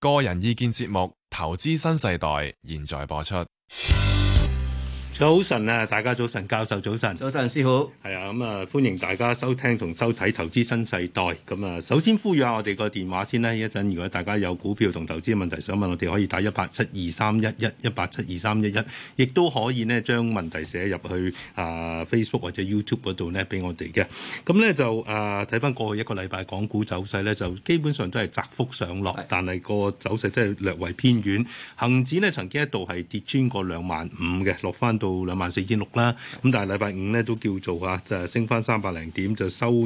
個人意見節目《投資新世代》，現在播出。早晨啊，大家早晨，教授早晨，早晨，師傅，係啊，咁啊，歡迎大家收聽同收睇《投資新世代》。咁啊，首先呼籲下我哋個電話先啦。一陣如果大家有股票同投資嘅問題想問我哋，可以打一八七二三一一一八七二三一一，亦都可以呢將問題寫入去啊 Facebook 或者 YouTube 嗰度呢俾我哋嘅。咁呢，就啊，睇翻過去一個禮拜港股走勢呢就基本上都係窄幅上落，但係個走勢都係略為偏軟。恒指呢曾經一度係跌穿過兩萬五嘅，落翻到到兩萬四千六啦，咁但係禮拜五咧都叫做啊，就係升翻三百零點，就收二五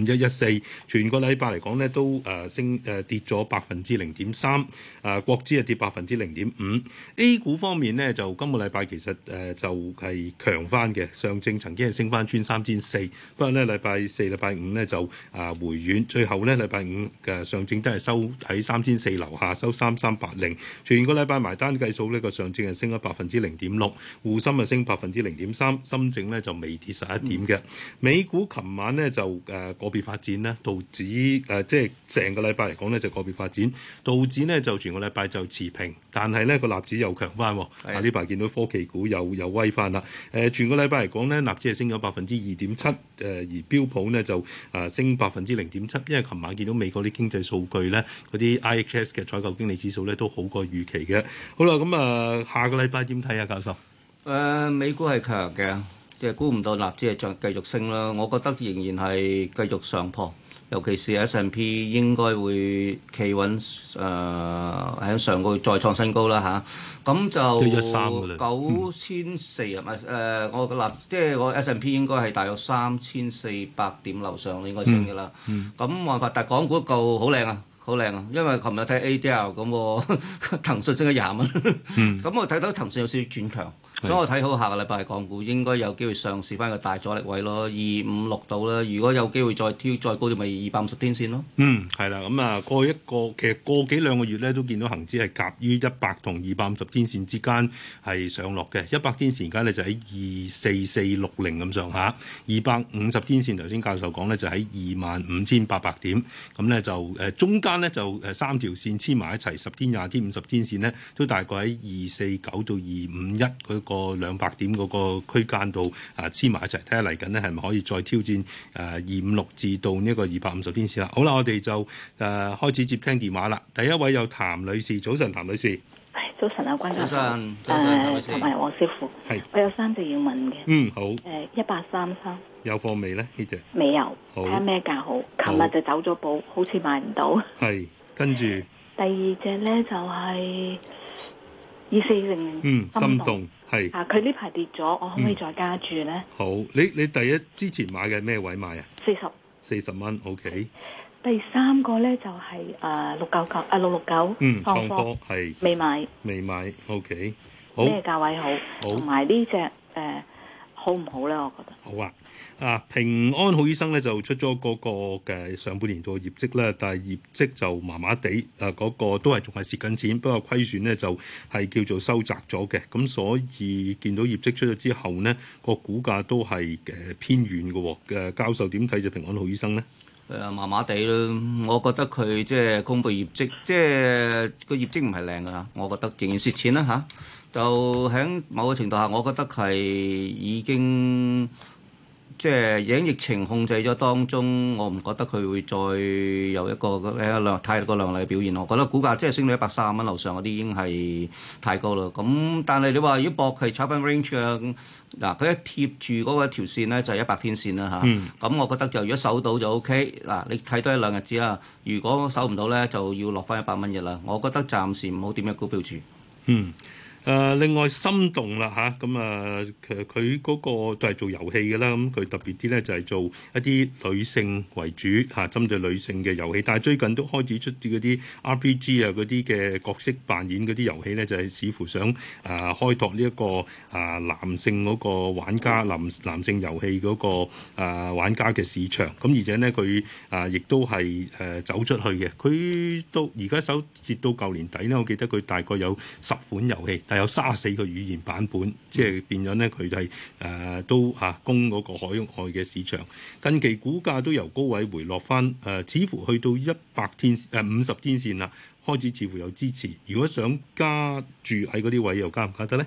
一一四。全個禮拜嚟講咧，都誒升誒跌咗百分之零點三，誒國指啊跌百分之零點五。A 股方面咧，就今個禮拜其實誒就係強翻嘅，上證曾經係升翻穿三千四，不過咧禮拜四、禮拜五咧就啊回軟，最後咧禮拜五嘅上證都係收喺三千四樓下，收三三八零。全個禮拜埋單計數呢個上證係升咗百分之零點六，滬深。今日升百分之零點三，深證咧就未跌十一點嘅、嗯。美股琴晚咧就誒個別發展咧，道指誒即係成個禮拜嚟講咧就個別發展，道指咧就全個禮拜就持平，但係咧個納指又強翻、啊的。係呢排見到科技股又又威翻啦。誒，全個禮拜嚟講咧，納指係升咗百分之二點七，誒而標普呢就誒升百分之零點七，因為琴晚見到美國啲經濟數據咧，嗰啲 IHS 嘅採購經理指數咧都好過預期嘅。好啦，咁啊下個禮拜點睇啊，教授？誒、呃、美股係強嘅，即係估唔到納指係再繼續升啦。我覺得仍然係繼續上破，尤其是 S&P 應該會企穩誒，喺、呃、上個月再創新高啦嚇。咁、啊、就九千四啊萬誒，我納即係我 S&P 應該係大約三千四百點樓上應該升嘅啦。咁冇辦法，嗯、但港股夠好靚啊，好靚啊！因為琴日睇 A D L 咁， 騰訊升咗廿蚊。咁、嗯、 我睇到騰訊有少少轉強。所以我睇好下個禮拜港股應該有機會上市返個大阻力位咯，二五六度啦。如果有機會再挑再高啲，咪二百五十天線咯、嗯。嗯，係啦。咁啊，過去一個其實過幾兩個月咧，都見到恒指係夾於一百同二百五十天線之間係上落嘅。一百天線而家咧就喺二四四六零咁上下，二百五十天線頭先教授講咧就喺二萬五千八百點。咁咧就誒、呃、中間咧就誒三條線黐埋一齊，十天、廿天、五十天線咧都大概喺二四九到二五一個個兩百點嗰個區間度啊，黐埋一齊，睇下嚟緊咧係咪可以再挑戰誒二五六至到呢個二百五十天線啦。好啦，我哋就誒、啊、開始接聽電話啦。第一位有譚女士，早晨譚女士。早晨啊，關生。早晨，早晨譚女士。係、啊，我，是我有三隻要問嘅。嗯，好。誒，一八三三。有貨未呢？呢隻。未有。睇下咩價好。好。琴日就走咗寶，好似買唔到。係。跟住。第二隻咧就係二四零零。嗯，心動。係是啊！佢呢排跌咗，我可唔可以再加注咧、嗯？好，你你第一之前買嘅咩位買啊？四十，四十蚊。OK。第三個咧就係誒六九九啊六六九。9，嗯，創科係未買？未買。OK。好咩價位好？好同埋呢隻誒。好唔好咧？我覺得好啊！啊，平安好醫生咧就出咗嗰個嘅上半年個業績啦，但係業績就麻麻地，啊、那、嗰個都係仲係蝕緊錢，不過虧損咧就係叫做收窄咗嘅。咁所以見到業績出咗之後呢，個股價都係誒偏遠嘅喎。嘅、啊、教授點睇隻平安好醫生呢？誒麻麻地咯，我覺得佢即係公布業績，即係個業績唔係靚嘅嚇，我覺得仍然蝕錢啦嚇。啊就喺某個程度下，我覺得係已經即係已經疫情控制咗當中，我唔覺得佢會再有一個誒量太過量嚟嘅表現。我覺得股價即係升到一百三十蚊樓上嗰啲已經係太高啦。咁但係你話如果博係炒翻 range 啊，嗱佢一貼住嗰個條線咧就係一百天線啦嚇。咁、啊嗯、我覺得就如果守到就 O、OK、K。嗱、啊、你睇多一兩日字啊。如果守唔到咧就要落翻一百蚊嘅啦。我覺得暫時唔好點樣高標住。嗯。誒另外心動啦嚇，咁啊其實佢嗰個都係做遊戲嘅啦，咁佢特別啲咧就係做一啲女性為主嚇、啊，針對女性嘅遊戲。但係最近都開始出啲 RPG 啊嗰啲嘅角色扮演嗰啲遊戲咧，就係、是、似乎想誒、啊、開拓呢、這、一個啊男性嗰個玩家男男性遊戲嗰、那個、啊、玩家嘅市場。咁、啊、而且咧佢啊亦都係誒、啊、走出去嘅。佢到而家首截至到舊年底咧，我記得佢大概有十款遊戲。有三、四個語言版本，即係變咗咧，佢就係誒都啊供嗰個海外嘅市場。近期股價都由高位回落翻，誒、呃、似乎去到一百天誒五十天線啦，開始似乎有支持。如果想加住喺嗰啲位，又加唔加得咧？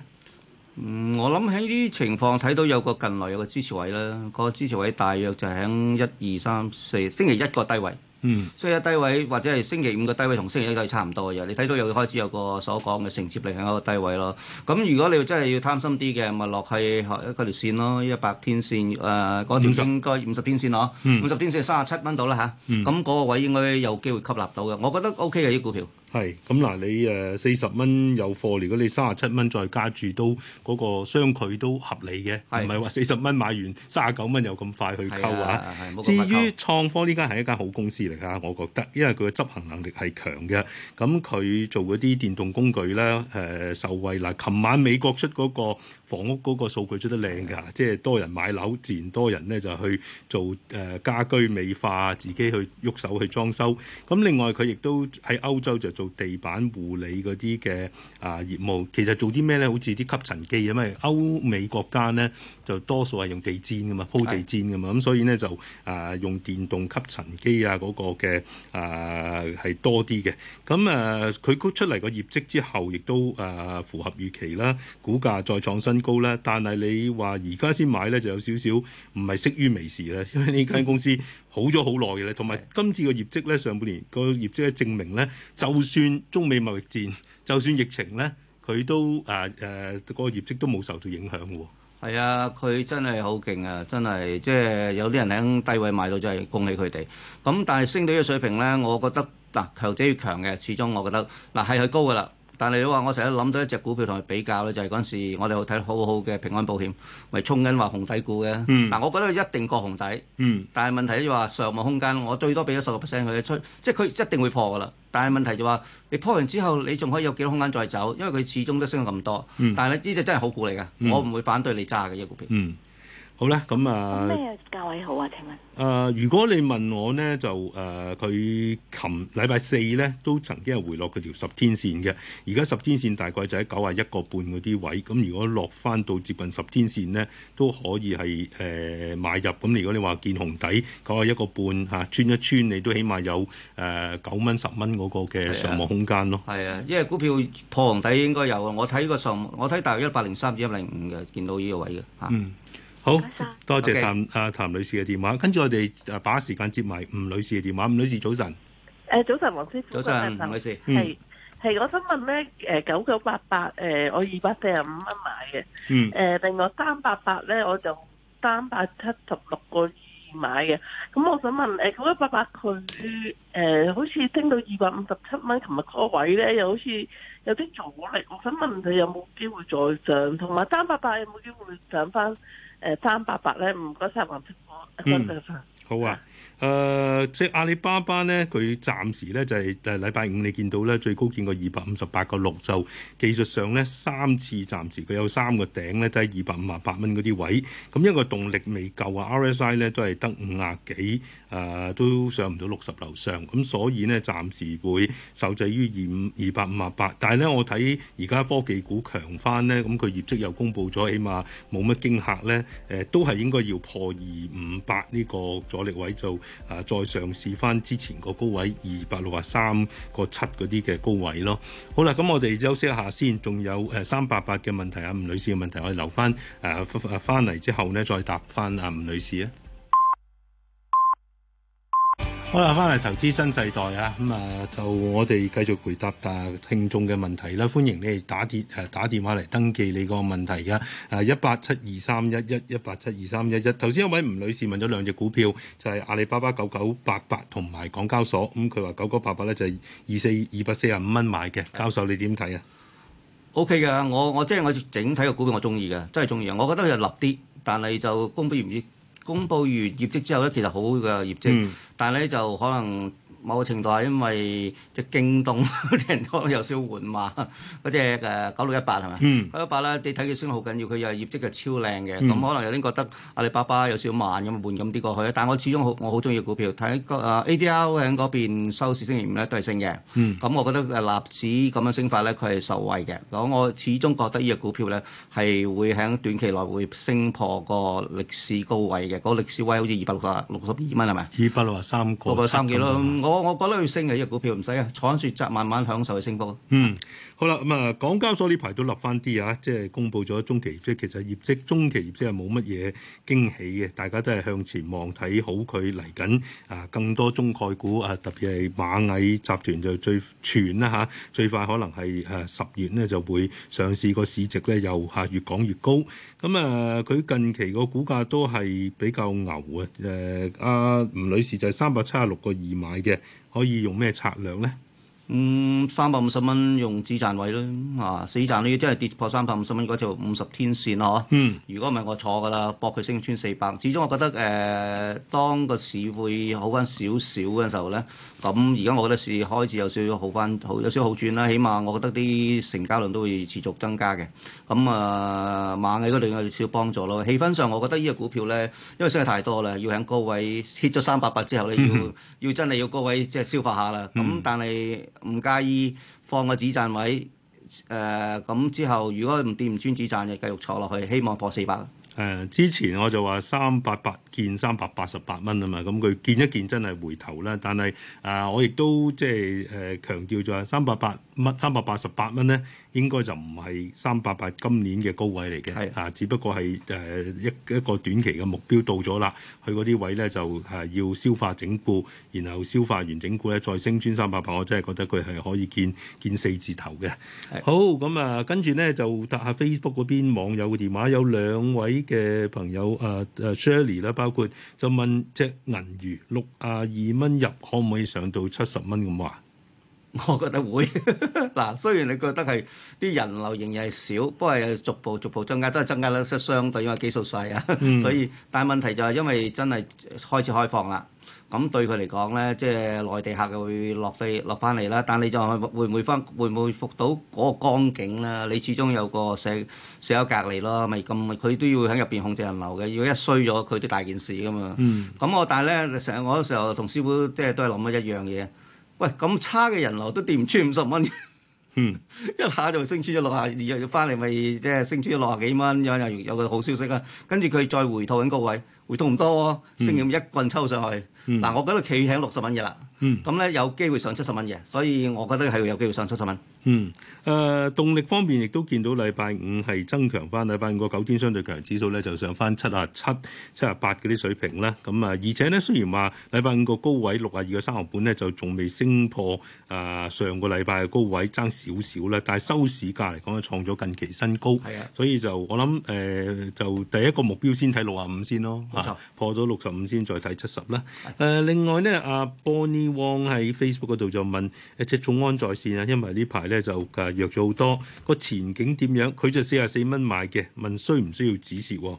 嗯，我諗喺呢啲情況睇到有個近來有個支持位啦。個支持位大約就喺一二三四星期一個低位。嗯，所以喺低位或者係星期五嘅低位同星期一都係差唔多嘅嘢，你睇到又要開始有個所講嘅承接力喺一個低位咯。咁如果你真係要貪心啲嘅，咪落去一個條線咯，一百天線誒嗰、呃、條線，應該五十天線咯，五十天線三十七蚊到啦吓，咁嗰個位應該有機會吸納到嘅，我覺得 OK 嘅啲股票。係，咁嗱，你誒四十蚊有貨，如果你三十七蚊再加住都嗰、嗰個相距都合理嘅，唔係話四十蚊買完三十九蚊又咁快去溝啊！溝，至於創科呢間係一間好公司嚟㗎，我覺得，因為佢嘅執行能力係強嘅，咁佢做嗰啲電動工具啦，誒、呃、受惠。嗱、呃，琴晚美國出嗰個房屋嗰個數據出得靚㗎，的即係多人買樓，自然多人咧就去做誒、呃、家居美化，自己去喐手去裝修。咁另外佢亦都喺歐洲就，做地板護理嗰啲嘅啊，業務，其實做啲咩咧？好似啲吸塵機咁啊！因為歐美國家咧就多數係用地氈噶嘛，鋪地氈噶嘛，咁所以咧就啊、呃、用電動吸塵機啊嗰、嗰個嘅啊係多啲嘅。咁啊佢出嚟個業績之後，亦都啊、呃、符合預期啦，股價再創新高啦。但係你話而家先買咧，就有少少唔係適於微時啦，因為呢間公司。 好咗好耐嘅咧，同埋今次個業績咧，上半年個業績咧證明咧，就算中美貿易戰，就算疫情咧，佢都誒誒個業績都冇受到影響喎。係啊，佢真係好勁啊！真係即係有啲人喺低位買到，就係恭喜佢哋。咁但係升到呢個水平咧，我覺得嗱，強者越強嘅，始終我覺得嗱係佢高噶啦。但係你話我成日諗到一隻股票同佢比較咧，就係嗰陣時我哋睇得好好嘅平安保險，咪衝緊話紅底股嘅。嗱、嗯啊，我覺得佢一定過紅底。嗯、但係問題就話上望空間，我最多俾咗十個 percent 佢出，即係佢一定會破噶啦。但係問題就話你破完之後，你仲可以有幾多空間再走？因為佢始終都升咗咁多。嗯、但係呢隻真係好股嚟嘅，嗯、我唔會反對你揸嘅呢個股票。嗯好啦，咁啊，咩價位好啊？請問誒，如果你問我、呃、呢，就誒佢琴禮拜四呢都曾經係回落嗰條十天線嘅。而家十天線大概就喺九啊一個半嗰啲位。咁如果落翻到接近十天線呢，都可以係誒、呃、買入。咁如果你話見紅底九啊一個半嚇、啊、穿一穿，你都起碼有誒、呃、九蚊十蚊嗰個嘅上網空間咯。係啊，啊，因為股票破紅底應該有啊。我睇個上，我睇大約一百零三至一百零五嘅見到呢個位嘅嚇。好，多謝譚阿譚女士嘅電話。跟住我哋啊，把時間接埋吳女士嘅電話。吳女士早晨，誒早晨，黃師傅早晨，吳女士係係，我想問咧，誒九九八八，誒我二百四十五蚊買嘅，誒另外三八八咧，我就三百七十六個二買嘅。咁我想問，誒九九八八佢，誒好似升到二百五十七蚊，琴日個位咧，又好似有啲阻力。我想問佢有冇機會再上，同埋三八八有冇機會上翻？誒，三八八咧，唔該晒，黃主播，多謝曬，好啊。誒、呃，即係阿里巴巴咧，佢暫時咧就係誒禮拜五你見到咧，最高見過二百五十八個六，就技術上咧三次暫時佢有三個頂咧，都係二百五十八蚊嗰啲位，咁一個動力未夠啊，RSI 咧都係得五廿幾，誒、呃、都上唔到六十樓上，咁所以咧暫時會受制於二五二百五十八，但係咧我睇而家科技股強翻咧，咁佢業績又公布咗，起碼冇乜驚嚇咧，誒、呃、都係應該要破二五八呢個阻力位就。啊！再嘗試翻之前個高位二百六啊三個七嗰啲嘅高位咯。好啦，咁我哋休息一下先，仲有誒三八八嘅問題啊，吳女士嘅問題我，我哋留翻誒翻嚟之後呢，再答翻啊吳女士啊。好啦，翻嚟投資新世代啊！咁、嗯、啊，就我哋繼續回答下聽眾嘅問題啦。歡迎你哋打電誒打電話嚟登記你個問題㗎。啊，11, 11, 一八七二三一一一八七二三一一。頭先有位吳女士問咗兩隻股票，就係、是、阿里巴巴九九八八同埋港交所。咁佢話九九八八咧就係二四二百四十五蚊買嘅。教授你點睇啊？O K 噶，我我即係、就是、我整體嘅股票我中意嘅，真係中意。我覺得佢就立啲，但係就供不應。公布完業績之後咧，其實好嘅業績。嗯、但係咧就可能。某個程度係因為隻京東，啲人多有少緩慢，嗰隻誒九六一八係咪？九六一八咧，2008, 你睇佢升得好緊要，佢又業績係超靚嘅。咁、嗯、可能有啲覺得阿里巴巴有少慢咁，換咁啲過去。但我始終好，我好中意股票。睇個 ADR 喺嗰邊收市，星期五咧都係升嘅。咁、嗯、我覺得誒納指咁樣升法咧，佢係受惠嘅。咁我始終覺得呢隻股票咧係會喺短期內會升破個歷史高位嘅。嗰、那個、歷史位好似二百六啊六十二蚊係咪？二百六十三個，二百三幾咯。我我覺得佢升嘅呢隻股票唔使啊，坐喺雪側慢慢享受佢升波。嗯。好啦，咁啊，港交所呢排都立翻啲啊，即係公布咗中期業績，其實業績中期業績係冇乜嘢驚喜嘅，大家都係向前望，睇好佢嚟緊啊，更多中概股啊，特別係螞蟻集團就最串啦吓，最快可能係誒十月咧就會上市個市值咧又吓越講越高，咁啊，佢近期個股價都係比較牛啊，誒、呃、阿吳女士就係三百七十六個二買嘅，可以用咩策略咧？嗯，三百五十蚊用止賺位咯，啊，止賺咧真係跌破三百五十蚊嗰條五十天線咯、啊嗯、如果唔係我錯㗎啦，博佢升穿四百。始終我覺得誒、呃，當個市會好翻少少嘅時候咧，咁而家我覺得市開始有少少好翻，有少少好轉啦。起碼我覺得啲成交量都會持續增加嘅。咁、嗯、啊、呃，螞蟻嗰度有少少幫助咯。氣氛上，我覺得呢個股票咧，因為升得太多啦，要喺高位 hit 咗三百八之後咧，要、嗯、要真係要高位即係消化下啦。咁、啊、但係。唔介意放個止賺位，誒、呃、咁之後，如果唔跌唔穿止賺就繼續坐落去，希望破四百。誒、呃、之前我就話三百八見三百八十八蚊啊嘛，咁佢見一見真係回頭啦，但係啊、呃，我亦都即係誒強調咗三百八。乜三百八十八蚊咧，應該就唔係三百八今年嘅高位嚟嘅，係啊的，只不過係誒一一個短期嘅目標到咗啦，佢嗰啲位咧就係要消化整固，然後消化完整固咧再升穿三百八，我真係覺得佢係可以見見四字頭嘅。的好，咁啊，跟住咧就打下 Facebook 嗰邊網友嘅電話，有兩位嘅朋友啊啊 Shirley 啦，Shirley，包括就問隻銀魚六啊二蚊入，可唔可以上到七十蚊咁話？我覺得會嗱，雖然你覺得係啲人流仍然係少，不過係逐步逐步增加，都係增加啦，相相對有基數細啊。所以，但係問題就係因為真係開始開放啦，咁對佢嚟講咧，即係內地客會落地落翻嚟啦。但係你就會唔會翻？會唔會復到嗰個光景咧？你始終有個社社交隔離咯，咪咁佢都要喺入邊控制人流嘅。如果一衰咗，佢啲大件事噶嘛。咁我但係咧，成日我嗰時候同師傅即係都係諗一樣嘢。喂，咁差嘅人流都跌唔穿五十蚊，嗯、 一下就升穿咗六啊二，又要翻嚟咪即係升穿咗六啊幾蚊，有有個好消息啊！跟住佢再回吐緊嗰位，回吐唔多，升完一棍抽上去，嗱、嗯啊，我嗰度企響六十蚊嘅啦。嗯，咁咧有機會上七十蚊嘅，所以我覺得係有機會上七十蚊。嗯，誒、呃、動力方面亦都見到禮拜五係增強翻，禮拜五個九天相對強指數咧就上翻七啊七、七啊八嗰啲水平啦。咁、嗯、啊，而且呢，雖然話禮拜五個高位六啊二個三毫半呢，就仲未升破啊、呃、上個禮拜嘅高位，爭少少啦。但係收市價嚟講，創咗近期新高。係啊的，所以就我諗誒、呃，就第一個目標先睇六啊五先咯，冇錯，啊、破咗六十五先再睇七十啦。誒的，另外呢。阿 Bonny 往喺 Facebook 嗰度就問誒赤、呃、眾安在線啊，因為呢排咧就誒弱咗好多，個前景點樣？佢就四十四蚊買嘅，問需唔需要止蝕喎？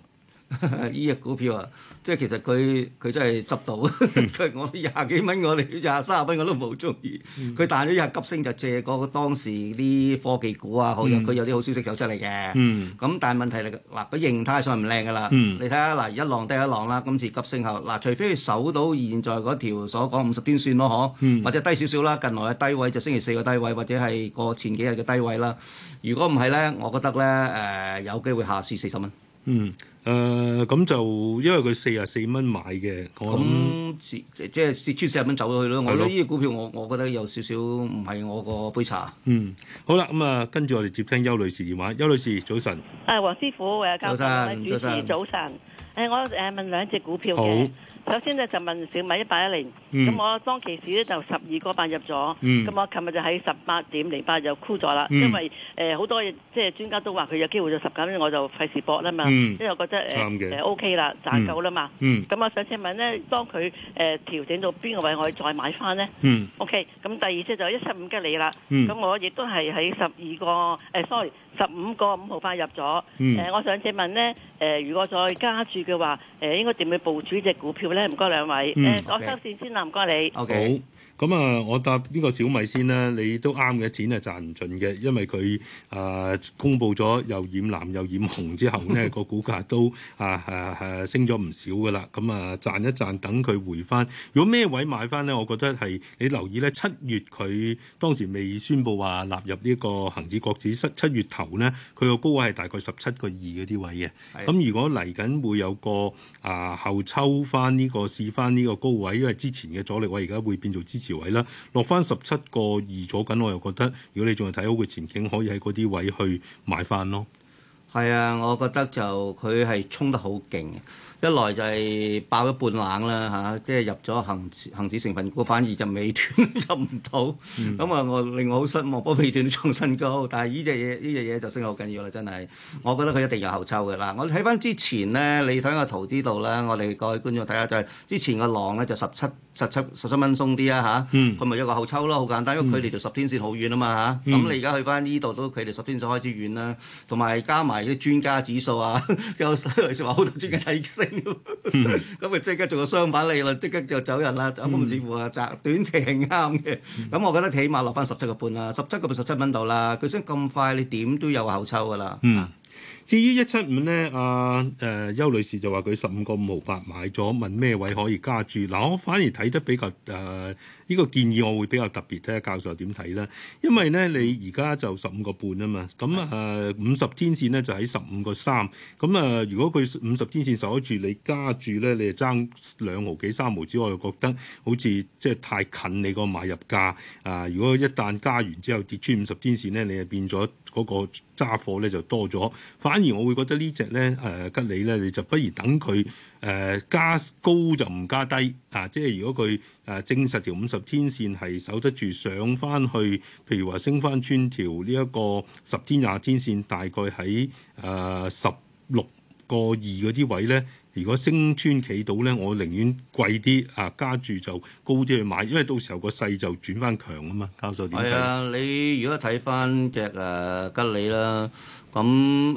呢隻 股票啊，即係其實佢佢真係執到，佢我廿幾蚊，我哋廿三廿蚊我都冇中意。佢彈咗一下急升就借嗰當時啲科技股啊，好佢有啲好消息走出嚟嘅。咁、嗯、但係問題嚟嗱，佢、啊、形態上唔靚噶啦。嗯、你睇下嗱，一浪低一浪啦。今次急升後嗱、啊，除非守到現在嗰條所講五十天線咯，嗬、嗯，或者低少少啦。近來嘅低位就星期四嘅低位，或者係過前幾日嘅低位啦。如果唔係咧，我覺得咧誒、呃、有機會下試四十蚊。嗯。誒咁、呃、就因為佢四十四蚊買嘅，咁、嗯、想即係四千四百蚊走咗去咯。的我覺得呢隻股票我我覺得有少少唔係我個杯茶。嗯，好啦，咁啊跟住我哋接聽邱女士電話。邱女士早晨。誒黃師傅誒教主主持早晨。誒我誒問兩隻股票嘅。首先咧就問小米一八一零，咁我當其時咧就十二個八入咗，咁我琴日就喺十八點零八就箍咗啦，因為誒好多即係專家都話佢有機會就十九，我就費事搏啦嘛，因為我覺得誒誒 OK 啦，賺夠啦嘛，咁我想請問咧，當佢誒調整到邊個位，我再買翻咧？OK，咁第二隻就一七五吉利啦，咁我亦都係喺十二個誒，sorry 十五個五毫八入咗，誒，我想請問咧，誒如果再加注嘅話，誒應該點去部署隻股票咧？唔該兩位，誒，我收線先啦。唔該你。ok, okay.。咁啊、嗯，我搭呢個小米先啦。你都啱嘅，錢係賺唔盡嘅，因為佢啊、呃、公佈咗又染藍又染紅之後咧，個 股價都啊啊啊升咗唔少噶啦。咁、嗯、啊賺一賺，等佢回翻。如果咩位買翻咧，我覺得係你留意咧，七月佢當時未宣佈話納入呢個恒指國指，七七月頭咧，佢個高位係大概十七個二嗰啲位嘅。咁的、嗯、如果嚟緊會有個啊後抽翻呢、呢個試翻呢個高位，因為之前嘅阻力位而家會變做之前。位啦，落翻十七個二左近，我又覺得如果你仲係睇好嘅前景，可以喺嗰啲位去買翻咯。係啊，我覺得就佢係衝得好勁，一來就係爆一半冷啦嚇、啊，即係入咗恒恆指成分股，反而就美團 入唔到了，咁啊、嗯、我令我好失望，不過美團都創新高，但係呢隻嘢呢隻嘢就升得好緊要啦，真係，我覺得佢一定有後抽嘅啦。我睇翻之前咧，你睇個圖知道啦，我哋各位觀眾睇下就係、是、之前個浪咧就十七十七十七蚊鬆啲啊吓，佢咪有個後抽咯，好簡單，因為距離就十天線好遠啊嘛吓，咁你而家去翻呢度都距離十天線開始遠啦，同埋加埋。啲專家指數啊，又例如話好多專家睇升，啊，咁咪即刻做個相反理論，即刻就走人啦。咁、嗯、似乎啊窄短 term 啱嘅，咁、嗯、我覺得起碼落翻十七個半啦，十七個半十七蚊度啦。佢升咁快，你點都有後抽噶啦。嗯啊至於一七五咧，阿誒邱女士就話佢十五個五毫八買咗，問咩位可以加注。嗱、呃，我反而睇得比較誒，呢、呃呢個建議我會比較特別，睇下教授點睇啦。因為咧，你而家就十五個半啊嘛，咁誒五十天線咧就喺十五個三，咁、呃、啊如果佢五十天線守得住，你加住咧，你就爭兩毫幾三毫之外，我就覺得好似即係太近你個買入價啊、呃！如果一旦加完之後跌穿五十天線咧，你就變咗嗰個揸貨咧就多咗，反。當然，我會覺得隻呢隻咧，誒、呃、吉利咧，你就不如等佢誒、呃、加高就唔加低啊！即係如果佢誒、呃、證實條五十天線係守得住，上翻去，譬如話升翻穿條呢一個十天廿天線，大概喺誒十六個二嗰啲位咧，如果升穿企到咧，我寧願貴啲啊，加住就高啲去買，因為到時候個勢就轉翻強啊嘛。教授點睇？係啊，你如果睇翻隻誒吉利啦。咁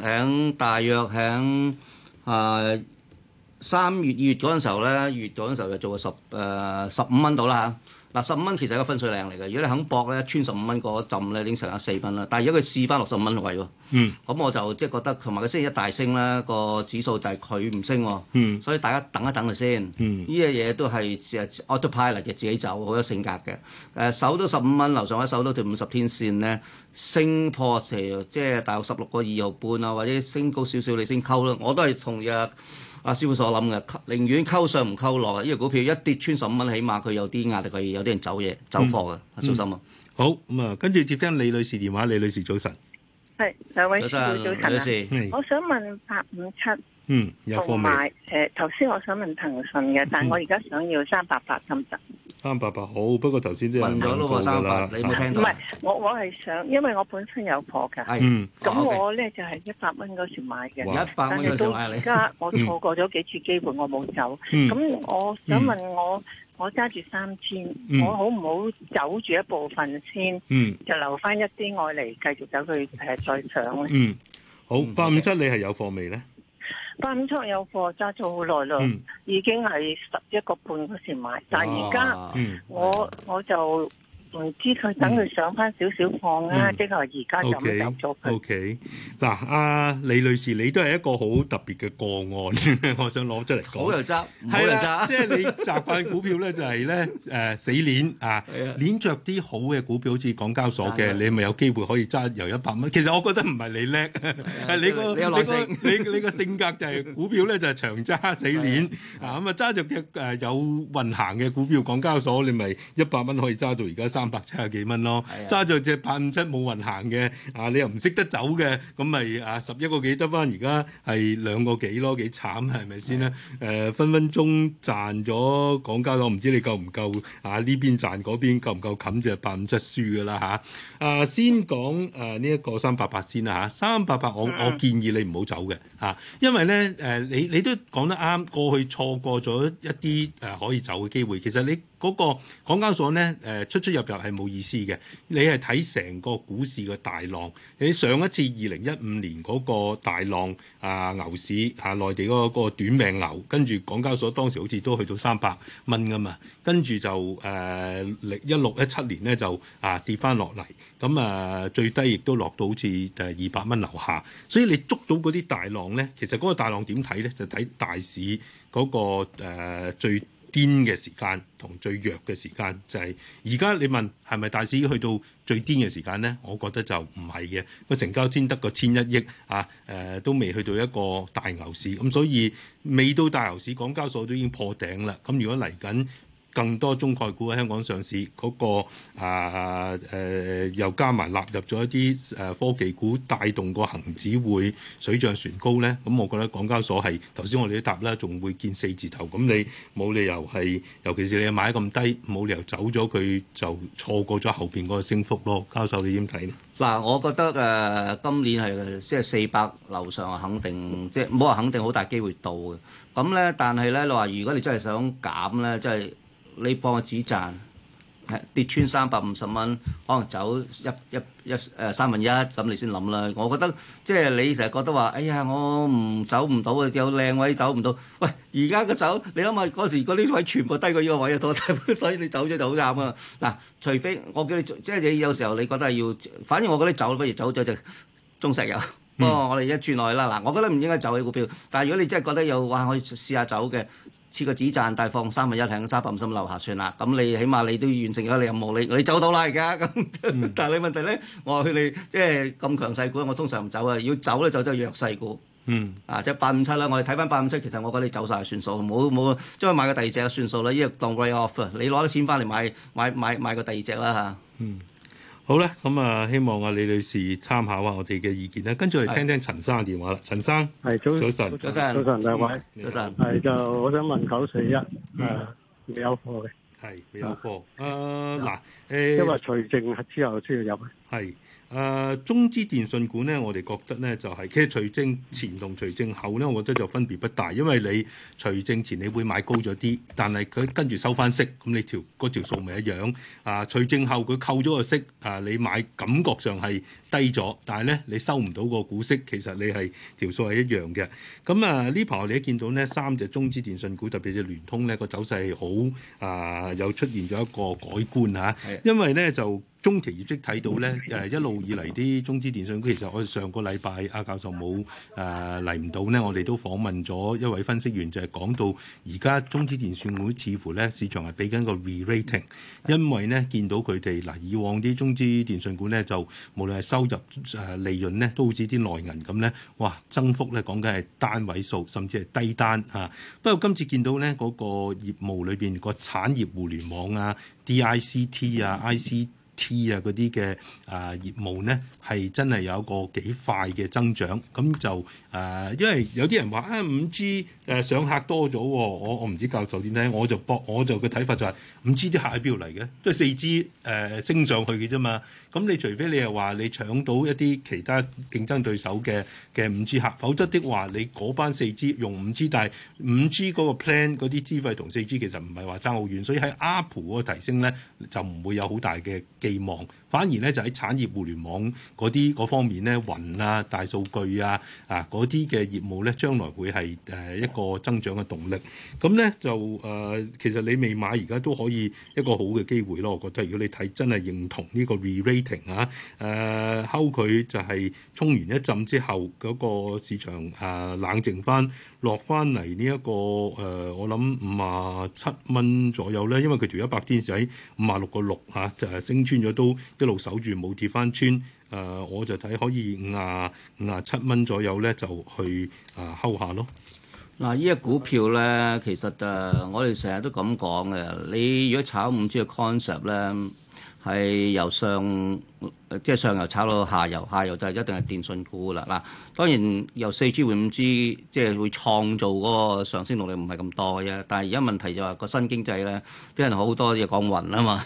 喺、嗯、大約喺啊三月二月嗰陣時候咧，月嗰陣時候就做啊十誒十五蚊度啦嚇。呃嗱十五蚊其實係個分水嶺嚟嘅，如果你肯搏咧，穿十五蚊嗰浸已拎成家四蚊啦。但係如果佢試翻六十五蚊位喎，咁、嗯、我就即係覺得同埋佢星期一大升啦，個指數就係佢唔升、哦，嗯、所以大家等一等佢先。呢啲嘢都係誒 autopilot 嘅自己走，好有性格嘅。誒、呃、守都十五蚊，樓上一以守多條五十天線咧，升破成即係大概十六個二毫半啊，或者升高少少你先溝啦。我都係同樣。阿師傅所諗嘅。寧願溝上唔溝落，因為股票一跌穿十五蚊，起碼佢有啲壓力，佢有啲人走嘢走貨嘅，小心、嗯、啊！嗯、好咁啊，跟住接聽李女士電話。李女士早晨，係兩位早晨，女士，我想問八五七，嗯，有貨買。誒，頭、呃、先我想問騰訊嘅，但我而家想要三八八，得唔得？三百八,八好，不過頭先都問咗嗰三百，你唔聽到？唔係，我我係想，因為我本身有貨嘅。係，咁我咧就係、係、一百蚊嗰時買嘅。而家一百蚊嗰而家我錯過咗幾次機會，嗯、我冇走。咁、嗯、我想問我，嗯、我揸住三千，嗯、我好唔好走住一部分先？嗯，就留翻一啲愛嚟繼續走去誒、呃、再搶咧。嗯，好，八五七你係有貨未咧？八五有貨揸咗好耐咯，已經係十一個半嗰時買，但係而家我我就。唔知佢等佢上翻少少放啦，即係而家就跌咗佢。O K，嗱，阿李女士，你都係一個好特別嘅個案，我想攞出嚟講。好又揸，係啦，即係你習慣股票咧，就係咧，誒死攣啊，攣著啲好嘅股票，好似港交所嘅，你咪有機會可以揸由一百蚊。其實我覺得唔係你叻，係你個你你你個性格就係股票咧就係長揸死攣啊咁啊揸着嘅誒有運行嘅股票，港交所你咪一百蚊可以揸到而家三。三百七廿幾蚊咯，揸住隻八五七冇運行嘅，啊你又唔識得走嘅，咁咪啊十一個幾得翻，而家係兩個幾咯，幾慘係咪先咧？誒的、呃、分分鐘賺咗港交所我唔知你夠唔夠啊？呢邊賺嗰邊夠唔夠冚隻八五七輸㗎啦嚇？啊，啊先講誒呢一個三八八先啦嚇、啊，三八八我的我建議你唔好走嘅嚇、啊，因為咧誒、呃、你你都講得啱，過去錯過咗一啲誒可以走嘅機會，其實你。嗰個港交所咧，誒，出出入入係冇意思嘅。你係睇成個股市嘅大浪。你上一次二零一五年嗰個大浪啊，牛市啊，內地嗰個短命牛，跟住港交所當時好似都去到三百蚊㗎嘛。跟住就誒，零一六一七年咧就啊跌翻落嚟。咁啊，最低亦都落到好似就二百蚊樓下。所以你捉到嗰啲大浪咧，其實嗰個大浪點睇咧，就睇大市嗰個誒最癲嘅時間同最弱嘅時間。就係而家你問係咪大市去到最癲嘅時間咧？我覺得就唔係嘅，個成交先得個千一億啊，誒、呃、都未去到一個大牛市。咁所以未到大牛市，港交所都已經破頂啦。咁如果嚟緊？更多中概股喺香港上市，嗰個啊誒又加埋納入咗一啲誒科技股，帶動個恆指會水漲船高咧。咁我覺得港交所係頭先我哋都答啦，仲會見四字頭。咁你冇理由係，尤其是你買咁低，冇理由走咗佢就錯過咗後邊嗰個升幅咯。教授你點睇咧？嗱，我覺得誒今年係即係四百樓上肯定，即係冇話肯定好大機會到嘅。咁咧，但係咧你話如果你真係想減咧，即係。你放個止賺，跌穿三百五十蚊，可能走一一一誒三分之一，咁你先諗啦。我覺得即係、就是、你成日覺得話，哎呀，我唔走唔到啊，有靚位走唔到。喂，而家個走，你諗下嗰時嗰啲位全部低過依個位啊，多晒，所以你走咗就好慘啊。嗱，除非我叫你，即、就、係、是、你有時候你覺得係要，反正我覺得你走不如走咗隻中石油。不過、嗯、我哋一轉內啦，嗱，我覺得唔應該走啲股票，但係如果你真係覺得有哇，可以試下走嘅，設個止賺，但係放三分一喺個沙盤心留下算啦。咁你起碼你都完成咗你任務，你你走到啦而家，咁、嗯、但係你問題咧，我話佢你即係咁強勢股，我通常唔走啊，要走咧走就弱勢股。嗯、啊，即係八五七啦，我哋睇翻八五七，其實我覺得你走晒算數，冇冇將佢買個第二隻算數啦，呢個當 write off，你攞啲錢翻嚟買買買買，買個第二隻啦嚇。啊嗯。好啦，咁啊，希望啊李女士參考下我哋嘅意見啦。跟住嚟聽聽陳生嘅電話啦。陳生，係早早晨上早晨上早晨大偉早晨上，就我想問九四一啊，未有貨嘅，係，未有貨。是啊嗱，是因為除淨之後先要入啊，係。誒、啊、中資電信股咧，我哋覺得咧就係、是、其實除淨前同除淨後咧，我覺得就分別不大，因為你除淨前你會買高咗啲，但係佢跟住收返息，咁你條嗰條數咪一樣啊？除淨後佢扣咗個息啊，你買感覺上係低咗，但係咧你收唔到個股息，其實你係條數係一樣嘅。咁啊呢排我哋見到呢三隻中資電信股，特別係聯通咧、那個走勢好啊，有出現咗一個改觀嚇、啊，因為咧就。中期業績睇到咧，誒一路以嚟啲中資電信股，其實我哋上個禮拜阿教授冇誒嚟唔到咧，我哋都訪問咗一位分析員，就係、是、講到而家中資電信股似乎咧市場係俾緊個 re-rating，因為咧見到佢哋嗱以往啲中資電信股咧就無論係收入誒利潤咧，都好似啲內銀咁咧，哇增幅咧講緊係單位數，甚至係低單嚇、啊。不過今次見到咧嗰、那個業務裏邊、那個產業互聯網啊，DICT 啊，IC。T 啊嗰啲嘅啊業務咧係真係有一個幾快嘅增長。咁就誒、呃，因為有啲人話啊，五，呃，G。誒、呃、上客多咗，我我唔知教授點睇，我就博我就個睇法就係、是、五 G 啲客喺邊度嚟嘅？都係四 G 誒、呃、升上去嘅啫嘛。咁你除非你係話你搶到一啲其他競爭對手嘅嘅五 G 客，否則的話你嗰班四 G 用五 G，但係五 G 嗰個 plan 嗰啲資費同四 G 其實唔係話差好遠，所以喺 a p l 普個提升咧就唔會有好大嘅寄望。反而咧就喺產業互聯網嗰啲嗰方面咧，雲啊、大數據啊啊嗰啲嘅業務咧，將來會係誒、啊、一個增長嘅動力。咁咧就誒、呃，其實你未買而家都可以一個好嘅機會咯。我覺得，如果你睇真係認同呢個 re-rating 啊，誒、啊，睺佢就係衝完一陣之後嗰、那個市場啊冷靜翻。落翻嚟呢一個誒，我諗五啊七蚊左右咧，因為佢條一百天線 6,、啊，喺五啊六個六嚇，就係升穿咗都一路守住冇跌翻穿。誒、啊，我就睇可以五啊五啊七蚊左右咧，就去誒睺下咯。嗱、啊，依個股票咧，其實誒、啊，我哋成日都咁講嘅，你如果炒唔中嘅 concept 咧。係由上即係上游炒到下游，下游就一定係電訊股啦。嗱，當然由四 G 換五 G，即係會創造嗰個上升動力唔係咁多嘅。但係而家問題就話個新經濟咧，啲人好多嘢講暈啊嘛。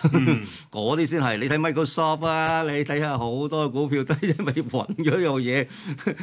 嗰啲先係你睇 Microsoft 啊，你睇下好多股票都係因為暈咗樣嘢。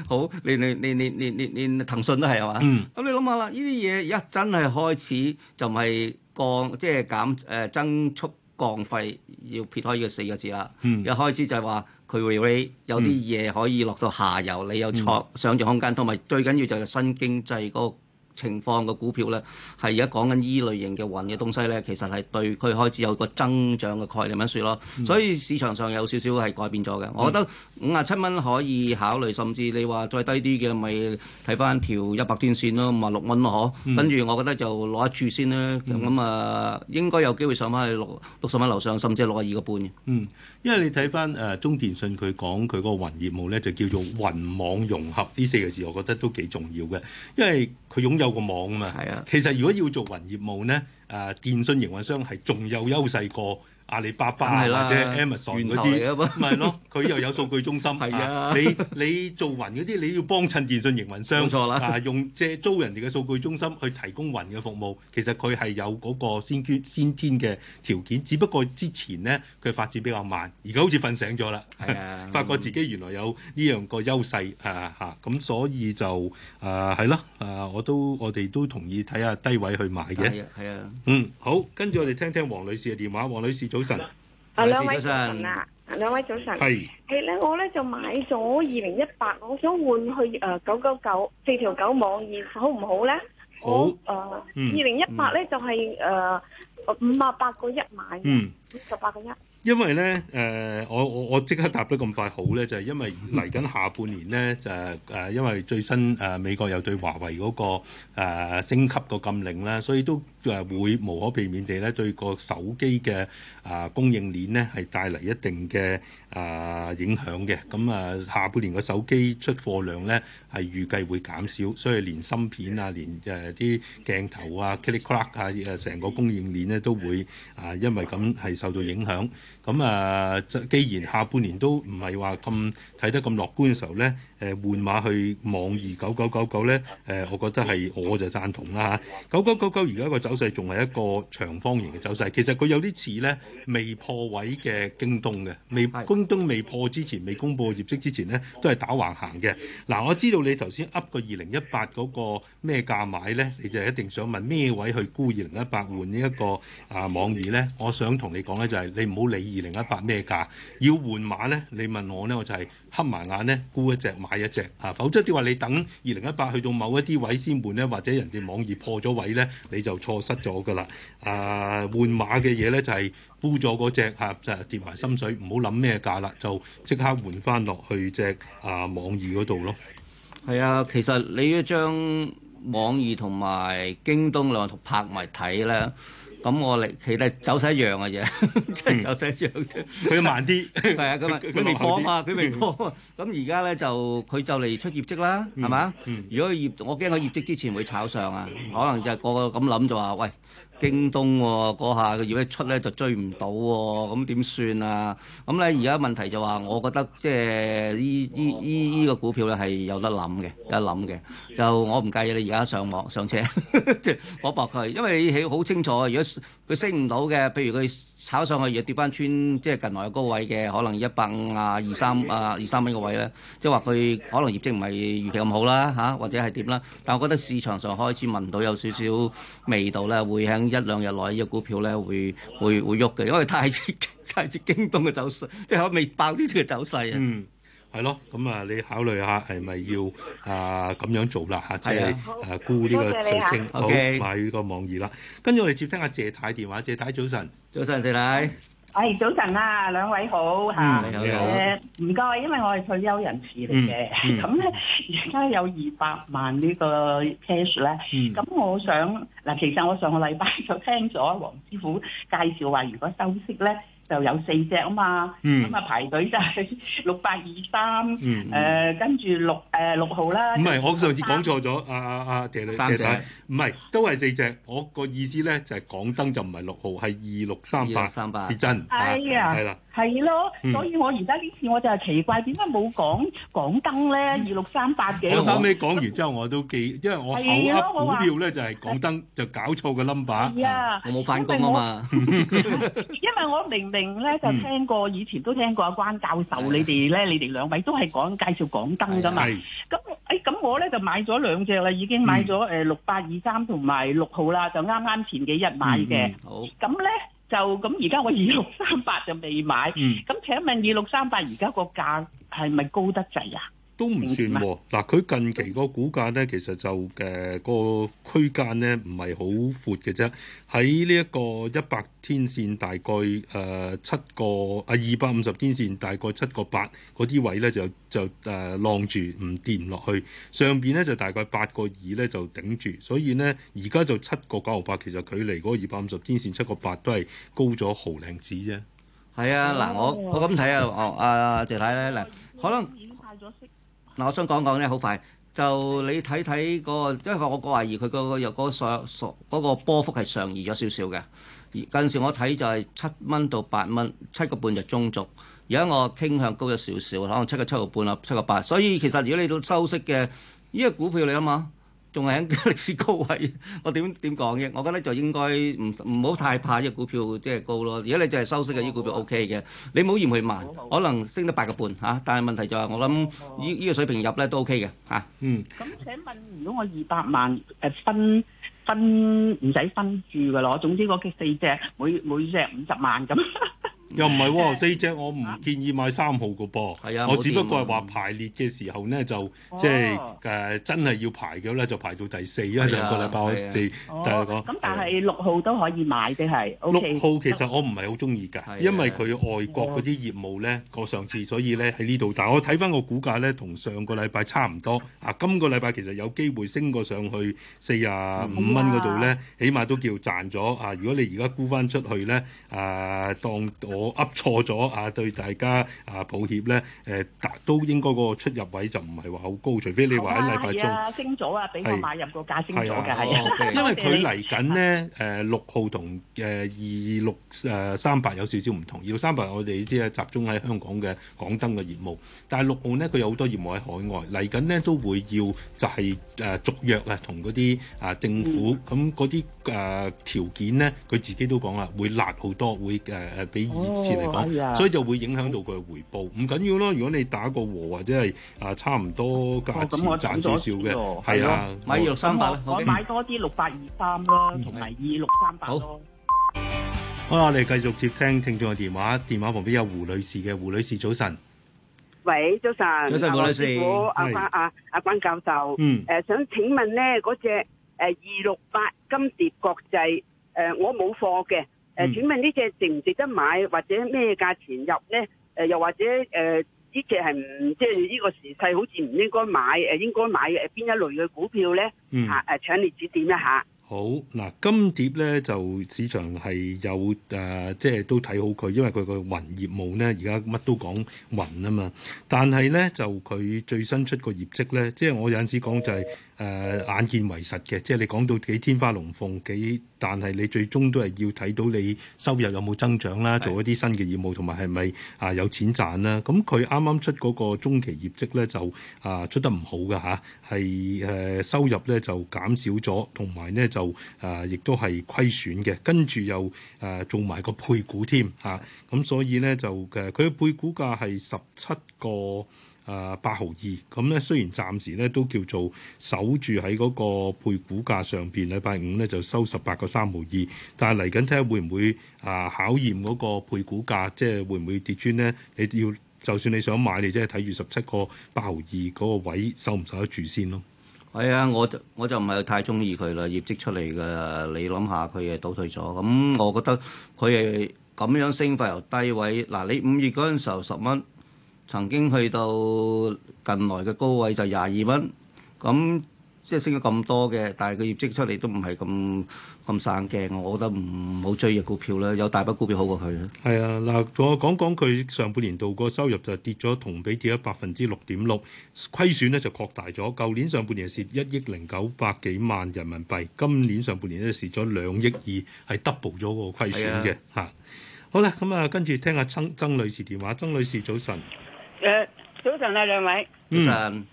好，連連連連連連連騰訊都係係嘛？咁你諗下啦，呢啲嘢一真係開始就唔係降即係減誒增速。降費要撇開呢個四個字啦，嗯、一開始就係話佢會有啲嘢可以落到下游，嗯、你有創想像空間，同埋最緊要就係新經濟嗰個。情況嘅股票咧，係而家講緊依類型嘅雲嘅東西咧，其實係對佢開始有個增長嘅概念咁樣算咯。嗯、所以市場上有少少係改變咗嘅。我覺得五啊七蚊可以考慮，嗯、甚至你話再低啲嘅咪睇翻條一百天線咯，五啊六蚊咯，嗬、嗯。跟住我覺得就攞一注先啦。咁啊、嗯，應該有機會上翻去六六十蚊樓上，甚至六啊二個半嘅。嗯，因為你睇翻誒中電信佢講佢嗰個雲業務咧，就叫做雲網融合呢四個字，我覺得都幾重要嘅，因為佢擁有個網啊嘛，其實如果要做雲業務咧，誒、啊、電信營運商係仲有優勢過阿里巴巴或者 Amazon 嗰啲，咪咯，佢又有數據中心。係啊，你你做雲嗰啲，你要幫襯電信營運商，啊、用借租人哋嘅數據中心去提供雲嘅服務。其實佢係有嗰個先天先天嘅條件，只不過之前呢，佢發展比較慢，而家好似瞓醒咗啦， 發覺自己原來有呢樣個優勢嚇嚇，咁、啊啊啊、所以就誒係咯，誒、啊啊、我都我哋都，都同意睇下低位去買嘅，係啊，嗯好，跟住我哋聽聽黃女士嘅電話，黃女士。早晨，兩位早晨啊，兩位早晨。係係咧，我咧就買咗二零一八，我想換去誒九九九四條九網易，好唔好咧？好誒，二零一八咧就係誒五啊八個一買，嗯，五十八個一。因為咧誒，我我我即刻答得咁快好咧，就係因為嚟緊下半年咧就誒，因為最新誒美國有對華為嗰個誒升級個禁令啦，所以都，誒會無可避免地咧對個手機嘅啊供應鏈咧係帶嚟一定嘅啊影響嘅，咁啊下半年個手機出貨量咧係預計會減少，所以連芯片啊，連誒啲、呃、鏡頭啊 click 啊，成個供應鏈咧都會啊因為咁係受到影響，咁啊，既然下半年都唔係話咁睇得咁樂觀嘅時候咧，誒換馬去網易九九九九咧，誒我覺得係我就贊同啦吓，九九九九而家個走走勢仲係一個長方形嘅走勢，其實佢有啲似咧未破位嘅京東嘅，未的京東未破之前，未公佈業績之前咧，都係打橫行嘅。嗱，我知道你頭先噏個二零一八嗰個咩價買咧，你就一定想問咩位去沽二零一八換呢一個啊網易咧？我想同你講咧、就是，就係你唔好理二零一八咩價，要換馬咧，你問我咧，我就係黑埋眼咧沽一隻買一隻嚇、啊，否則啲係話你等二零一八去到某一啲位先換咧，或者人哋網易破咗位咧，你就錯。失咗噶啦！啊，換馬嘅嘢咧就係煲咗嗰隻嚇，就跌、是、埋、啊、心水，唔好諗咩價啦，就即刻換返落去隻、那個、啊網易嗰度咯。係啊，其實你要將網易同埋京東兩頭拍埋睇咧。咁我嚟，其實走晒一樣嘅嘢，即係走晒一樣，佢慢啲，係啊，佢佢未放啊，嘛。 佢未放啊。咁而家咧就佢就嚟出業績啦，係嘛？如果業我驚佢業績之前會炒上啊，嗯、可能就係個個咁諗就話，喂。京東喎、哦，嗰下如果一出咧就追唔到喎、哦，咁點算啊？咁咧而家問題就話，我覺得即係依依依依個股票咧係有得諗嘅，有得諗嘅。就我唔介意你而家上網上車， 我博佢，因為你起好清楚，如果佢升唔到嘅，譬如佢。炒上去又跌翻穿，即係近來嘅高位嘅，可能一百五啊二三啊二三蚊個位咧，即係話佢可能業績唔係預期咁好啦嚇、啊，或者係點啦？但係我覺得市場上開始聞到有少少味道咧，會喺一兩日內呢個股票咧會會會喐嘅，因為太似太似京東嘅走勢，即係未爆啲嘅走勢啊。嗯。係咯，咁啊，你考慮下係咪要啊咁樣做啦嚇，即係誒沽呢個上升好快呢個網易啦。跟住我哋接聽阿謝太電話，謝太早晨，早晨謝太，誒早晨啊，兩位好嚇，你好你好，唔該，因為我係退休人士嚟嘅，咁咧而家有二百萬呢個 cash 咧，咁我想嗱，其實我上個禮拜就聽咗黃師傅介紹話，如果收息咧。就有四隻啊嘛，咁啊排隊就係六八二三，誒跟住六誒六號啦。唔係，我上次講錯咗，阿阿謝女謝仔，唔係都係四隻。我個意思咧就係港燈就唔係六號，係二六三八，係真。哎呀，係啦，係咯。所以我而家呢次我就係奇怪，點解冇講港燈咧？二六三八嘅。我後尾講完之後，我都記，因為我口音要咧就係港燈就搞錯個 number，我冇返工啊嘛。因為我明。另咧就聽過，以前都聽過阿關教授，你哋咧，你哋兩位都係講介紹港燈㗎嘛？咁誒咁我咧就買咗兩隻啦，已經買咗誒六八二三同埋六號啦，就啱啱前幾日買嘅。好咁咧就咁，而家我二六三八就未買。咁請問二六三八而家個價係咪高得滯啊？都唔算喎、哦，嗱佢近期個股價咧，其實就誒、呃那個區間咧唔係好闊嘅啫。喺呢一個一百天線大概誒七個啊，二百五十天線大概七個八嗰啲位咧就就誒浪住唔跌落去，上邊咧就大概八個二咧就頂住，所以呢，而家就七個九毫八其實距離嗰二百五十天線七個八都係高咗毫零子啫。係啊，嗱我我咁睇啊，哦啊謝太咧，嗱可能。嗱、嗯，我想講講咧，好快就你睇睇、嗰個，因為我個懷疑佢、嗰個、嗰個又、嗰個波幅係上移咗少少嘅。而近時我睇就係七蚊到八蚊，七個半就中足。而家我傾向高咗少少，可能七個七毫半啦，七個八。所以其實如果你到收息嘅，呢個股票嚟啊嘛。仲係喺歷史高位，我點點講嘅？我覺得就應該唔唔好太怕依股票即係高咯。如果你淨係收息嘅依、哦、股票 O K 嘅，哦、你唔、哦、好嫌佢慢，可能升得八個半嚇。但係問題就係、是、我諗依依個水平入咧都 O K 嘅嚇。嗯。咁請問，如果我二百萬誒、呃、分分唔使分，分住嘅咯，總之我四隻每每隻五十萬咁。 又唔係喎，四隻我唔建議買三號嘅噃，我只不過係話排列嘅時候咧，就即係誒真係要排嘅咧，就排到第四啊。上個禮拜我哋就係講，咁但係六號都可以買啫，係六號其實我唔係好中意㗎，因為佢外國嗰啲業務咧過上次，所以咧喺呢度。但係我睇翻個股價咧，同上個禮拜差唔多。啊，今個禮拜其實有機會升過上去四十五蚊嗰度咧，起碼都叫賺咗啊！如果你而家沽翻出去咧，誒當我。我噏錯咗啊！對大家啊抱歉咧，誒、呃、都應該個出入位就唔係話好高，除非你話喺禮拜中。係啊，啊，升咗啊，俾是我買入個價升咗嘅係。因為佢嚟緊呢，誒六號同誒二六誒三八有少少唔同，二六三八我哋知係，集中喺香港嘅港燈嘅業務，但係六號呢，佢有好多業務喺海外嚟緊呢，都會要就係、是、誒、呃、續約啊，同嗰啲啊政府咁啲。嗯那那誒條件咧，佢自己都講啦，會辣好多，會誒誒比以前嚟講，所以就會影響到佢嘅回報。唔緊要咯，如果你打個和或者係啊差唔多價錢，賺少少嘅，係啊，買六三八，我買多啲六八二三啦，同埋二六三八。好，好啦，我哋繼續接聽聽眾嘅電話，電話旁邊有胡女士嘅，胡女士早晨。喂，早晨，早晨，胡女士，好，阿阿阿關教授，嗯，誒想請問咧嗰隻。誒，二六八金蝶國際，誒、呃，我冇貨嘅，誒、呃，請問呢隻值唔值得買，或者咩價錢入呢？誒、呃，又或者誒，呢隻係唔即係呢個時勢，好似唔應該買，誒，應該買誒邊一類嘅股票呢？吓、啊，誒，請你指點一下。好嗱，金蝶咧就市場係有誒、呃，即係都睇好佢，因為佢個雲業務咧而家乜都講雲啊嘛。但係咧就佢最新出個業績咧，即係我有陣時講就係、是、誒、呃、眼見為實嘅，即係你講到幾天花龍鳳幾。但係你最終都係要睇到你收入有冇增長啦，的做一啲新嘅業務同埋係咪啊有錢賺啦？咁佢啱啱出嗰個中期業績咧就啊出得唔好㗎吓，係誒收入咧就減少咗，同埋咧就啊、呃、亦都係虧損嘅，跟住又誒做埋個配股添吓，咁的、啊、所以咧就嘅佢嘅配股價係十七個。誒八毫二，咁咧、uh, 雖然暫時咧都叫做守住喺嗰個配股價上邊，禮拜五咧就收十八個三毫二，但係嚟緊睇下會唔會誒、啊、考驗嗰個配股價，即、就、係、是、會唔會跌穿咧？你要就算你想買，你即係睇住十七個八毫二嗰個位守唔守得住先咯。係啊，我就我就唔係太中意佢啦，業績出嚟嘅，你諗下佢誒倒退咗，咁我覺得佢誒咁樣升快又低位嗱，你五月嗰陣時候十蚊。曾經去到近來嘅高位就廿二蚊，咁即係升咗咁多嘅，但係個業績出嚟都唔係咁咁省鏡，我覺得唔好追隻股票啦，有大筆股票好過佢。係啊，嗱，同我講講佢上半年度個收入就跌咗同比跌咗百分之六點六，虧損咧就擴大咗。舊年上半年係蝕一億零九百幾萬人民幣，今年上半年咧蝕咗兩億二，係 double 咗個虧損嘅嚇。好啦，咁啊，跟住聽下曾曾女士電話，曾女士早晨。誒、呃，早晨啊，兩位，嗯，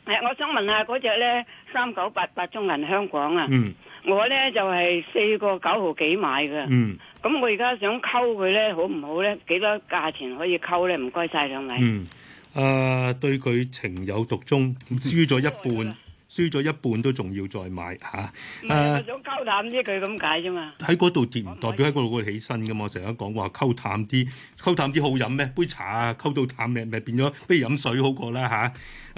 係、呃，我想問下嗰隻咧，三九八八中銀香港啊，嗯，我咧就係、是、四個九毫幾買噶，嗯，咁我而家想溝佢咧，好唔好咧？幾多價錢可以溝咧？唔該晒兩位，嗯，誒、呃，對佢情有獨鍾，輸咗一半。 輸咗一半都仲要再買嚇，誒、啊，嗰種、嗯啊、溝淡啲佢咁解啫嘛。喺嗰度跌唔代表喺嗰度會起身噶嘛，成日講話溝淡啲、啊，溝淡啲好飲咩？杯茶啊，溝到淡咩？咪變咗不如飲水好過啦嚇。誒、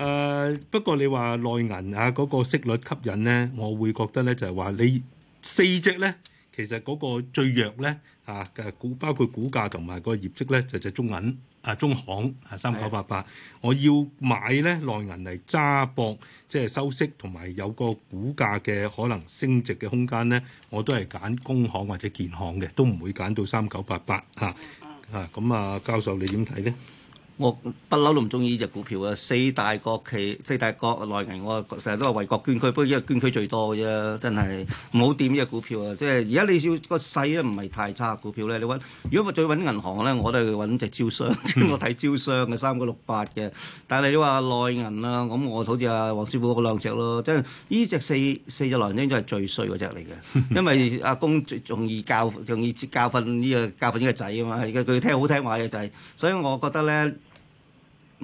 啊啊，不過你話內銀啊嗰、那個息率吸引咧，我會覺得咧就係、是、話你四隻咧，其實嗰個最弱咧嚇嘅股，包括股價同埋個業績咧，就係、是、中銀。啊，中行啊，三九八八，我要買咧內銀嚟揸博，即係收息同埋有個股價嘅可能升值嘅空間咧，我都係揀工行或者建行嘅，都唔會揀到三九八八嚇嚇。咁啊，教授你點睇咧？我不嬲都唔中意呢隻股票啊！四大國企、四大國內銀，我成日都話為國捐軀，不過依家捐軀最多啫，真係唔好掂呢隻股票啊！即係而家你小、嗰個勢咧，唔係太差股票咧，你揾如果我再揾銀行咧，我都係揾隻招商。嗯、 我睇招商嘅三個六八嘅。但係你話內銀啊，咁我好似阿黃師傅嗰兩隻咯，即係呢隻四四隻內銀中，就係最衰嗰隻嚟嘅，因為阿公最中意教、中意教訓呢、呢個教訓呢個仔啊嘛，佢聽好聽話嘅仔，所以我覺得咧。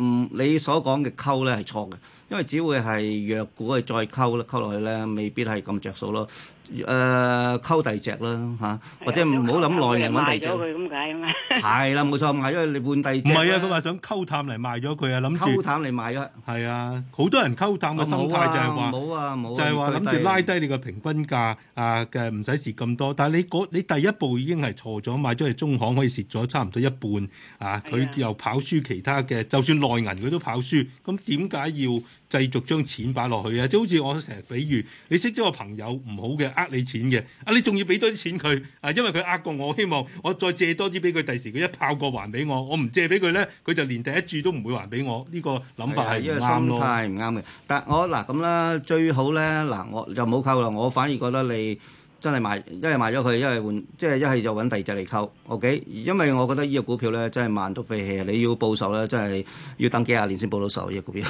嗯，你所講嘅溝咧係錯嘅，因為只會係弱股嘅再溝咧，溝落去咧未必係咁着數咯。誒溝第隻啦嚇，或者唔好諗內銀揾第隻。賣咗佢咁解啊嘛。係啦，冇錯賣，因為你換第隻。唔係啊，佢話想溝淡嚟賣咗佢啊，諗住。溝淡嚟賣啊。係啊，好多人溝淡嘅心態就係話冇啊冇啊冇，就係話諗住拉低你個平均價啊嘅，唔使蝕咁多。但係你嗰你第一步已經係錯咗，買咗去中行可以蝕咗差唔多一半啊。佢又跑輸其他嘅，就算內銀佢都跑輸。咁點解要？繼續將錢擺落去啊！即好似我成日比喻，你識咗個朋友唔好嘅，呃你錢嘅，啊你仲要俾多啲錢佢啊，因為佢呃過我，我希望我再借多啲俾佢，第時佢一炮過還俾我，我唔借俾佢咧，佢就連第一注都唔會還俾我。呢個諗法係的因為心態唔啱嘅。但係我嗱咁啦，最好咧嗱，我就冇扣啦，我反而覺得你。真係賣，一係賣咗佢，一係換，即係一係就揾第二隻嚟溝。O、OK? K，因為我覺得呢個股票咧，真係慢到飛起啊！你要報仇咧，真係要等幾廿年先報到仇呢嘅、呢隻、股票。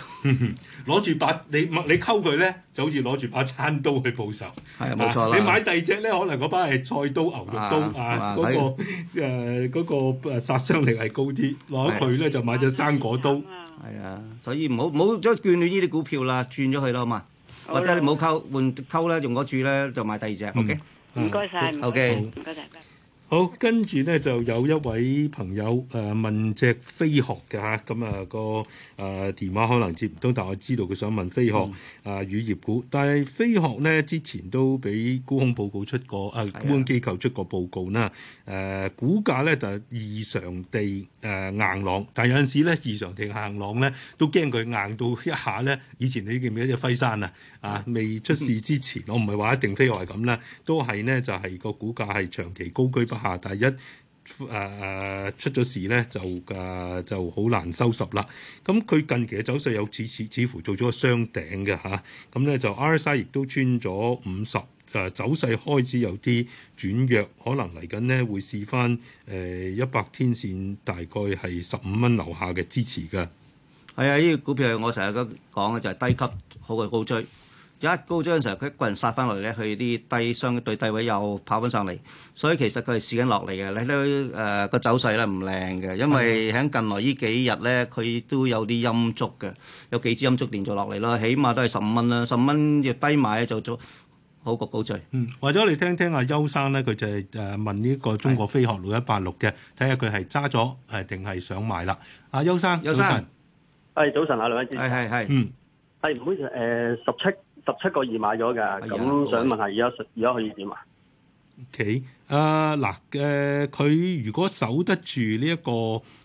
攞住把你你溝佢咧，就好似攞住把餐刀去報仇。係啊，冇錯啦。啊、你買第二隻咧，可能嗰把係菜刀、牛肉刀啊，嗰、啊嗰個誒嗰看、啊嗰個誒殺傷力係高啲。攞佢咧就買隻生果刀。係啊，所以唔好唔好再眷戀呢啲股票啦，轉咗佢啦，好嘛？或者你唔好溝換溝咧，用嗰柱咧就買第二隻，嗯，OK？唔該晒。OK 唔該晒。好，跟住咧就有一位朋友誒、呃、問隻飛鶴嘅嚇，咁啊個誒、呃、電話可能接唔到，但我知道佢想問飛鶴啊，乳業、嗯呃、股。但係飛鶴咧之前都俾沽空報告出過，誒、呃、沽空機構出過報告啦。誒、呃、股價咧就是、異常地誒、呃、硬朗，但係有陣時咧異常地硬朗咧都驚佢硬到一下咧。以前你見唔見一隻輝山啊？啊未出事之前，嗯嗯、我唔係話一定飛鶴係咁啦，都係呢，就係、是就是就是就是、個股價係長期高居嚇！第一誒誒、啊、出咗事咧，就誒、啊、就好難收拾啦。咁、嗯、佢近期嘅走勢有似似似乎做咗個雙頂嘅嚇。咁咧、嗯、就 RSI 亦都穿咗五十，誒走勢開始有啲轉弱，可能嚟緊咧會試翻誒一百天線，大概係十五蚊樓下嘅支持嘅。係啊，呢、這個股票係我成日都講嘅，就係低級好過高追。一高漲嘅時候，佢一個人殺翻落嚟咧，去啲低相對低位又跑翻上嚟，所以其實佢係試緊落嚟嘅。你都誒個走勢咧唔靚嘅，因為喺近來呢幾日咧，佢都有啲陰燭嘅，有幾支陰燭連在落嚟咯。起碼都係十五蚊啦，十五蚊要低買就做好個高追。嗯，為咗你聽聽啊，邱生咧，佢就係誒問呢個中國飛鶴六一八六嘅，睇下佢係揸咗誒定係想買啦。啊，邱生，早晨，係早晨啊，兩位先生，係係係，嗯，係唔好誒十七。十七個二買咗㗎，咁、哎、呀想問下而家，而家可以點啊？OK，啊嗱，誒佢、哎呃呃、如果守得住呢、這、一個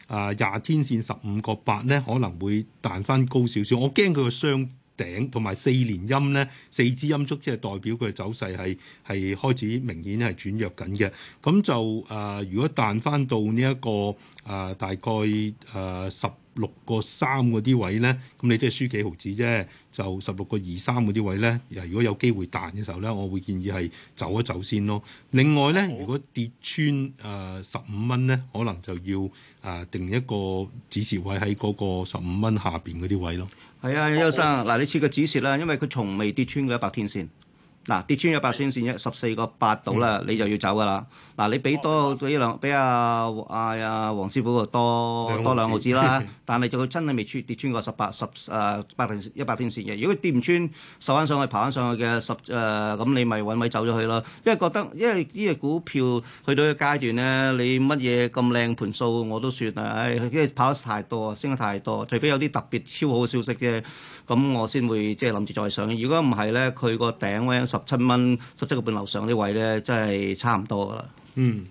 啊廿、呃、天線十五個八咧，可能會彈翻高少少。我驚佢個雙頂同埋四連陰咧，四支陰足，即係代表佢嘅走勢係係開始明顯係轉弱緊嘅。咁就誒、呃，如果彈翻到呢、這、一個誒、呃、大概誒十六個三嗰啲位咧，咁你都係輸幾毫子啫。就十六個二三嗰啲位咧，如果有機會彈嘅時候咧，我會建議係走一走先咯。另外咧，我如果跌穿誒十五蚊咧，可能就要誒、呃、定一個指示位喺嗰個十五蚊下邊嗰啲位咯。係啊，邱、 哎、生嗱，你設個止蝕啦，因為佢從未跌穿過一百天線。嗱，跌穿一百天線嘅十四個八度啦，嗯、你就要走噶啦。嗱、啊，你俾多俾兩俾阿阿阿黃師傅就多多兩毫子啦。但係就佢真係未穿跌穿過十八十誒八零一百天線嘅。如果跌唔穿，收翻上去爬翻上去嘅十誒，咁、呃、你咪搵位走咗去咯。因為覺得因為呢隻股票去到個階段咧，你乜嘢咁靚盤數我都算啊。誒、哎，因為跑得太多升得太多，除非有啲特別超好嘅消息啫，咁我先會即係諗住再上。如果唔係咧，佢個頂我。十七蚊，十七個半樓上嗰啲位咧，真係差唔多噶啦。嗯。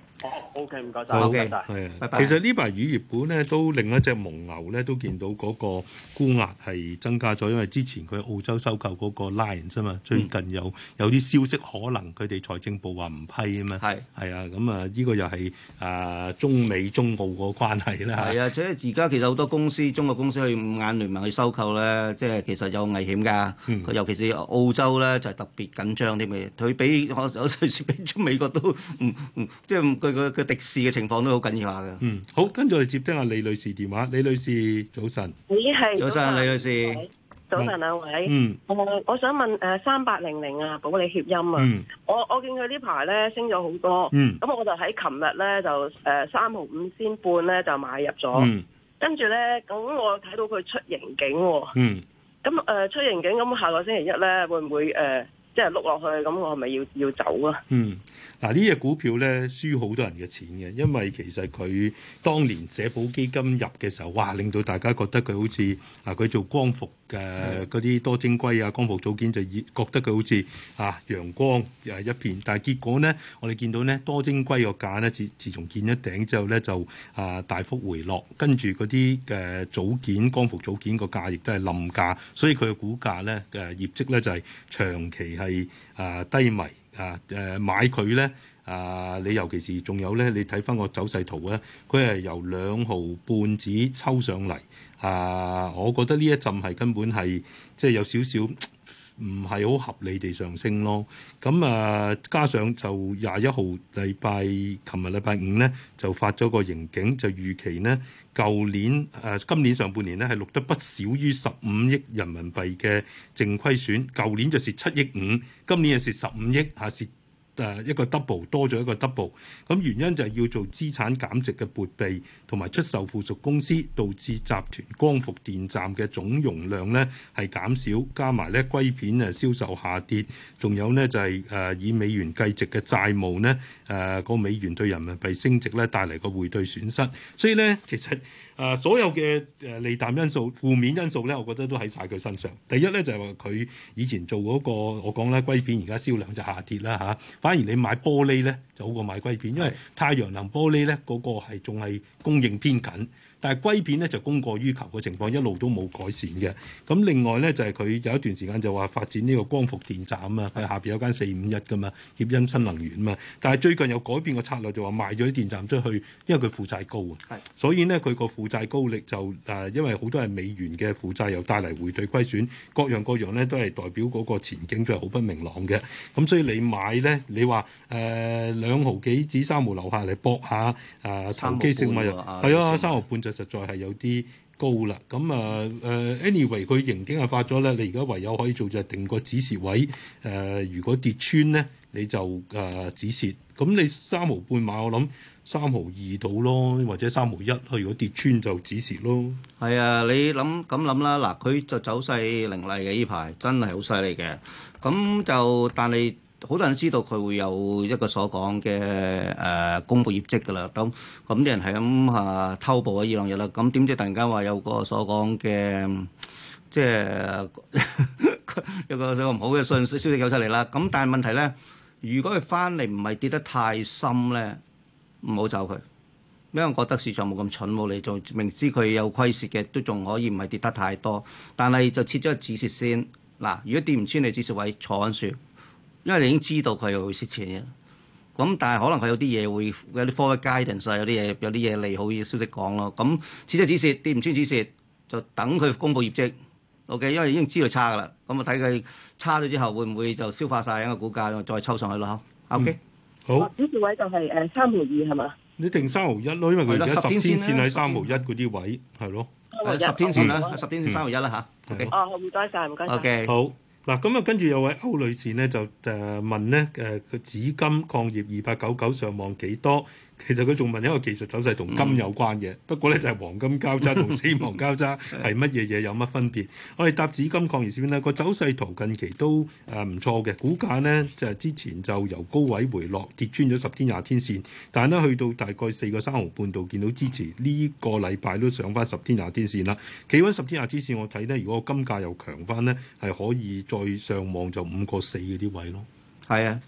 O K，唔該晒 Okay, 謝。O K，係啊，其實呢排乳業股咧都另一隻蒙牛咧都見到嗰個估壓係增加咗，因為之前佢澳洲收購嗰個 Lion 啫嘛，最近有、嗯、有啲消息可能佢哋財政部話唔批啊嘛，係係、嗯、啊，咁啊呢個又係啊中美中澳個關係啦，係啊、嗯，而且而家其實好多公司，中國公司去五眼聯盟去收購咧，即係其實有危險噶，尤其是澳洲咧就係特別緊張啲嘅，佢比我我隨時比美國都嗯嗯，即係佢。個個迪士嘅情況都好緊要下噶。嗯，好，跟住我哋接聽下李女士電話。李女士，早晨。你係早晨，李女士。早晨，兩位。嗯。誒、呃，我想問誒、呃，三八零零啊，保利協鑫啊。嗯、我我見佢呢排咧升咗好多。嗯。咁我就喺琴日咧就誒、呃、三毫五先半咧就買入咗。跟住咧，咁我睇到佢出刑警喎、啊。嗯。咁誒、呃、出刑警，咁下個星期一咧會唔會誒、呃、即係碌落去？咁我係咪要要走啊？嗯。嗱呢隻股票咧，輸好多人嘅錢嘅，因為其實佢當年社保基金入嘅時候，哇，令到大家覺得佢好似啊佢做光伏嘅嗰啲多晶硅啊、光伏組件，就已覺得佢好似啊陽光又係一片，但係結果咧，我哋見到咧多晶硅個價咧自自從見一頂之後咧就啊大幅回落，跟住嗰啲嘅組件、光伏組件個價亦都係冧價，所以佢嘅股價咧嘅、啊、業績咧就係、是、長期係啊低迷。啊誒、呃、買佢咧啊！你尤其是仲有咧，你睇翻個走勢圖咧，佢係由兩毫半紙抽上嚟啊！我覺得呢一浸係根本係即係有少少。唔係好合理地上升咯，咁、嗯、啊加上就廿一號禮拜，琴日禮拜五咧就發咗個盈警，就預期咧舊年誒、呃、今年上半年咧係錄得不少於十五億人民幣嘅淨虧損，舊年就蝕七億五，今年就蝕十五億，蝕、啊。誒一個 double 多咗一個 double，咁原因就係要做資產減值嘅撥備，同埋出售附屬公司，導致集團光伏電站嘅總容量咧係減少，加埋咧硅片誒銷售下跌，仲有咧就係誒以美元計值嘅債務咧誒個美元對人民幣升值咧帶嚟個匯兌損失，所以咧其實。誒、啊、所有嘅誒、呃、利淡因素、負面因素咧，我覺得都喺晒佢身上。第一咧就係話佢以前做嗰、那個，我講咧硅片，而家銷量就下跌啦嚇、啊。反而你買玻璃咧，就好過買硅片，因為太陽能玻璃咧嗰、那個係仲係供應偏緊。但係硅片咧就供過於求嘅情況一路都冇改善嘅。咁另外咧就係、是、佢有一段時間就話發展呢個光伏電站啊嘛，下邊有間四五一㗎嘛，協鑫新能源啊嘛。但係最近又改變個策略，就話賣咗啲電站出去，因為佢負債高啊。係，所以咧佢個負債高力就誒、呃，因為好多係美元嘅負債又帶嚟匯兌虧損，各樣各樣咧都係代表嗰個前景都係好不明朗嘅。咁、嗯、所以你買咧，你話誒、呃、兩毫幾子三毫樓下嚟搏下誒投機性物質，啊、呃、三毫毛半就毛。實在係有啲高啦，咁啊誒，anyway 佢刑警係發咗咧，你而家唯有可以做就係、定個止蝕位，誒、呃，如果跌穿咧你就誒、呃、止蝕，咁你三毫半買，我諗三毫二度咯，或者三毫一，佢如果跌穿就止蝕咯。係啊，你諗咁諗啦，嗱，佢就走勢凌厲嘅呢排，真係好犀利嘅，咁就但係。好多人知道佢會有一個所講嘅誒公布業績㗎啦。咁咁啲人係咁啊偷步啊，呢兩日啦。咁點知突然間話有個所講嘅、嗯、即係 有個所講唔好嘅信息消息有出嚟啦。咁但係問題咧，如果佢翻嚟唔係跌得太深咧，唔好走佢，因為我覺得市場冇咁蠢，冇理由，明知佢有虧蝕嘅都仲可以唔係跌得太多，但係就切咗個止蝕先。嗱。如果跌唔穿你止蝕位，坐穩算。因為你已經知道佢又會蝕錢嘅，咁但係可能佢有啲嘢會有啲 forward guidance，所以有啲嘢有啲嘢利好嘅消息講咯。咁滲出止蝕跌唔穿止蝕，就等佢公布業績。O K，因為已經知道差㗎啦，咁啊睇佢差咗之後會唔會就消化曬喺個股價，再抽上去咯。O K，好。止蝕位就係誒三毫二係嘛？你定三毫一咯，因為佢而家十天線喺三毫一嗰啲位係咯，係十天線啦，十天線三毫一啦嚇。O K。哦，唔該曬，唔該曬。O K，好。嗱，咁啊，跟住有位歐女士咧，就誒、呃、問咧，誒、呃、個紫金礦業二百九九上望幾多？其實佢仲問一個技術走勢同金有關嘅，嗯、不過咧就係黃金交叉同死亡交叉係乜嘢嘢有乜分別？ 我哋搭紫金礦業先啦，個走勢圖近期都誒唔錯嘅，股價咧就係、之前就由高位回落跌穿咗十天廿天線，但係咧去到大概四個三毫半度見到支持，呢、呢個禮拜都上翻十天廿天線啦。企穩十天廿天線我呢，我睇咧如果個金價又強翻咧，係可以再上望就五個四嗰啲位咯。係啊。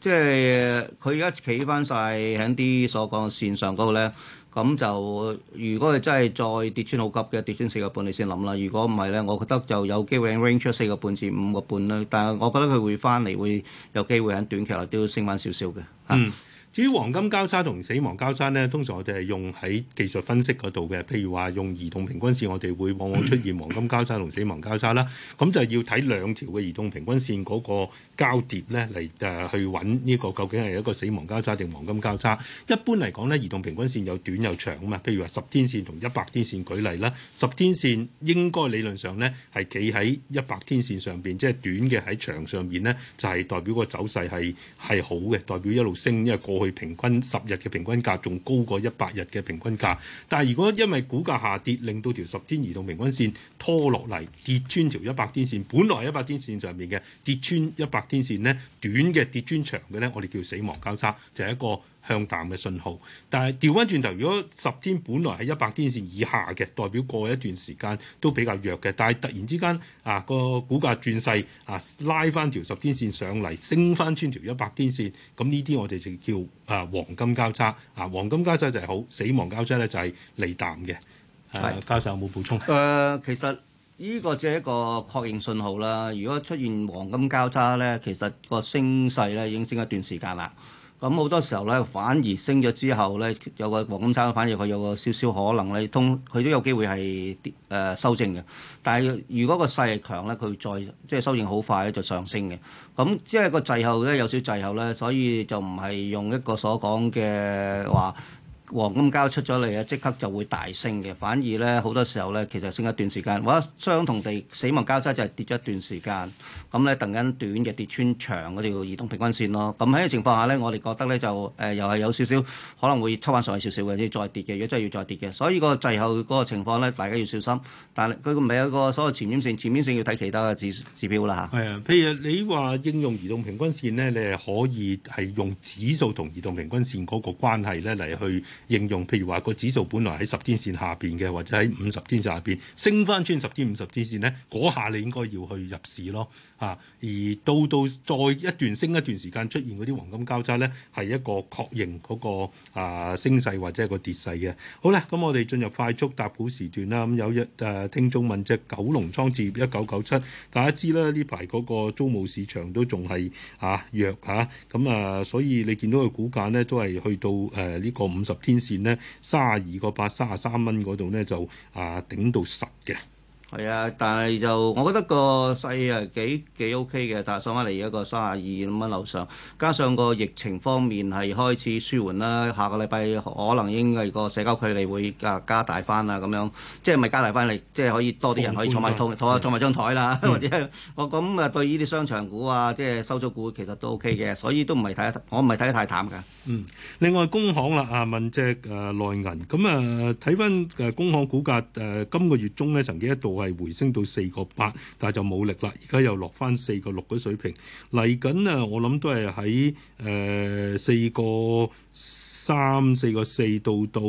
即係佢而家企翻晒喺啲所講線上嗰度咧，咁就如果佢真係再跌穿好急嘅，跌穿四個半你先諗啦。如果唔係咧，我覺得就有機會 range 出四個半至五個半啦。但係我覺得佢會翻嚟會有機會喺短期內都升翻少少嘅。嗯。至於黃金交叉同死亡交叉咧，通常我哋係用喺技術分析嗰度嘅，譬如話用移動平均線，我哋會往往出現黃金交叉同死亡交叉啦。咁就要睇兩條嘅移動平均線嗰個交疊咧，嚟誒、啊、去揾呢、呢個究竟係一個死亡交叉定黃金交叉。一般嚟講咧，移動平均線有短有長啊嘛。譬如話十天線同一百天線舉例啦，十天線應該理論上咧係企喺一百天線上邊，即係短嘅喺長上面咧就係、係、代表個走勢係係好嘅，代表一路升，因為過去。平均十日嘅平均價仲高過一百日嘅平均價，但係如果因為股價下跌，令到條十天移動平均線拖落嚟，跌穿條一百天線，本來係一百天線上面嘅跌穿一百天線咧，短嘅跌穿長嘅咧，我哋叫死亡交叉，就係、是、一個向淡嘅信號，但係調翻轉頭，如果十天本來係一百天線以下嘅，代表過一段時間都比較弱嘅，但係突然之間啊個股價轉勢啊拉翻條十天線上嚟，升翻穿條一百天線，咁呢啲我哋就叫。啊，黃金交叉啊，黃金交叉就係好死亡交叉咧，就係利淡嘅。係，教授有冇補充？誒，其實呢個只係一個確認信號啦。如果出現黃金交叉咧，其實個升勢咧已經升一段時間啦。咁好多時候咧，反而升咗之後咧，有個黃金叉，反而佢有個少少可能咧，通佢都有機會係啲誒修正嘅。但係如果個勢力強咧，佢再即係修正好快咧，就上升嘅。咁即係個滯後咧，有少少滯後咧，所以就唔係用一個所講嘅話。嗯黃金交出咗嚟啊！即刻就會大升嘅，反而咧好多時候咧，其實升一段時間，或者相同地，死亡交叉就係跌咗一段時間。咁咧，突然間短嘅跌穿長嗰條移動平均線咯。咁喺個情況下咧，我哋覺得咧就誒、呃、又係有少少可能會出翻上去少少嘅，即係再跌嘅，亦都係要再跌嘅。所以個滯後嗰個情況咧，大家要小心。但係佢唔係一個所謂前瞻性，前瞻性要睇其他嘅指指標啦嚇。係啊，譬如你話應用移動平均線咧，你係可以係用指數同移動平均線嗰個關係咧嚟去。應用譬如話個指數本來喺十天線下邊嘅，或者喺五十天線下邊，升翻穿十天五十天線咧，嗰下你應該要去入市咯嚇、啊。而到到再一段升一段時間出現嗰啲黃金交叉咧，係一個確認嗰、那個啊升勢或者係個跌勢嘅。好啦，咁我哋進入快速答股時段啦。咁、啊、有一誒、啊、聽眾問隻九龍倉置業一九九七，大家知啦，呢排嗰個租務市場都仲係啊弱嚇，咁啊所以你見到個股價咧都係去到誒呢、啊這個五十天線咧，卅二個八、卅三蚊嗰度咧，就啊頂到實嘅。係啊，但係就我覺得個勢係幾幾 OK 嘅，但係上翻嚟一個三十二咁蚊樓上，加上個疫情方面係開始舒緩啦。下個禮拜可能應該個社交距離會加大加大翻啊，咁樣即係咪加大翻嚟？即係可以多啲人可以坐埋坐坐埋張台啦，或者的 我咁啊對依啲商場股啊，即係收租股其實都 OK 嘅，所以都唔係睇得，我唔係睇得太淡㗎。嗯，另外工行啦啊，問隻誒內銀咁啊，睇翻誒工行股價誒今個月中咧曾經一度係回升到四個八，但係就冇力啦。而家又落翻四個六嘅水平嚟緊啊。我諗都係喺誒四個，呃四個四三四個四到到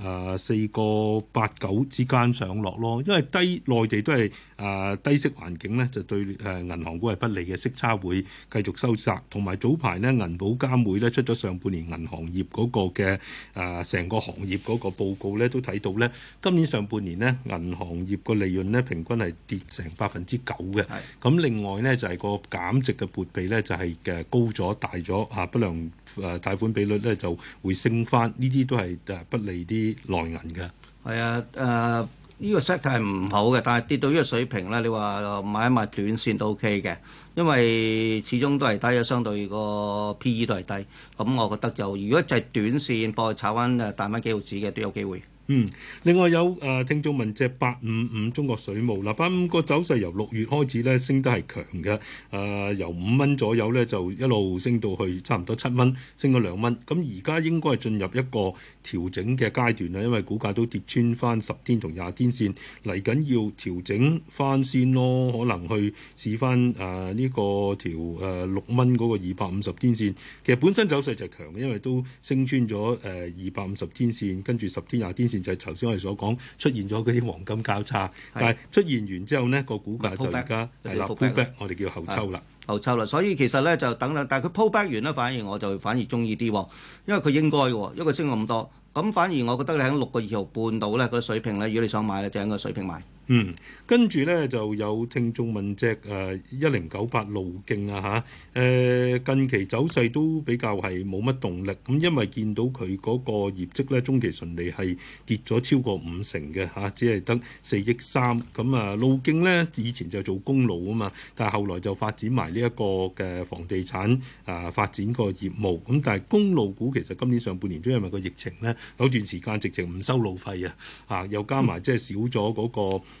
誒四個八九之間上落咯，因為低內地都係誒、呃、低息環境咧，就對誒銀行股係不利嘅，息差會繼續收窄。同埋早排咧，銀保監會咧出咗上半年銀行業嗰個嘅誒成個行業嗰個報告咧，都睇到咧今年上半年咧銀行業個利潤咧平均係跌成百分之九嘅。咁是的 另外咧就係、是、個減值嘅撥備咧就係、是、嘅高咗大咗啊不良。誒貸、uh, 款比率咧就會升翻，呢啲都係誒、uh, 不利啲內銀嘅。係啊，誒、呃、呢、呢個 set 係唔好嘅，但係跌到呢個水平咧，你話買一買短線都 OK 嘅，因為始終都係低咗，相對個 P/E 都係低。咁、嗯、我覺得就如果就係短線過去炒翻誒大翻幾毫子嘅，都有機會。嗯，另外有誒、啊、聽眾問隻八五五中國水務嗱，八五、啊、五個走勢由六月開始咧升得係強嘅，誒、啊，由五蚊左右咧就一路升到去差唔多七蚊，升咗兩蚊。咁而家應該係進入一個調整嘅階段啦，因為股價都跌穿翻十天同廿天線嚟緊要調整翻先咯，可能去試翻誒呢個條誒六蚊嗰個二百五十天線，其實本身走勢就係強嘅，因為都升穿咗誒二百五十天線，跟住十天廿天線。就係頭先我哋所講出現咗嗰啲黃金交叉，的但係出現完之後呢，個股價就而家係啦 p u 我哋叫後抽啦，後抽啦。所以其實咧就等等。但係佢 p back 完咧，反而我就反而中意啲喎，因為佢應該嘅，一個升咁多，咁反而我覺得你喺六、那個二毫半度咧嗰水平咧，如果你想買咧，就喺個水平買。嗯，跟住咧就有聽眾問隻誒一零九八路勁啊嚇，誒近期走勢都比較係冇乜動力，咁、啊、因為見到佢嗰個業績咧中期純利係跌咗超過五成嘅嚇、啊，只係得四億三、啊，咁啊路勁咧以前就做公路啊嘛，但係後來就發展埋呢一個嘅房地產啊發展個業務，咁、啊、但係公路股其實今年上半年都因為個疫情咧有段時間直情唔收路費啊，啊又加埋即係少咗嗰、那個。誒誒、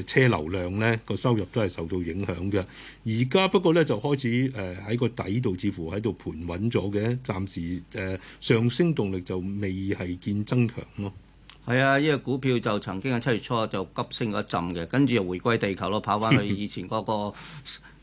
啊、車流量呢個收入都係受到影響嘅。而家不過呢，就開始誒喺個底度，似乎喺度盤穩咗嘅，暫時誒、呃、上升動力就未係見增強咯。係啊，因為股票就曾經喺七月初就急升一陣嘅，跟住又回歸地球咯，跑翻去以前嗰個。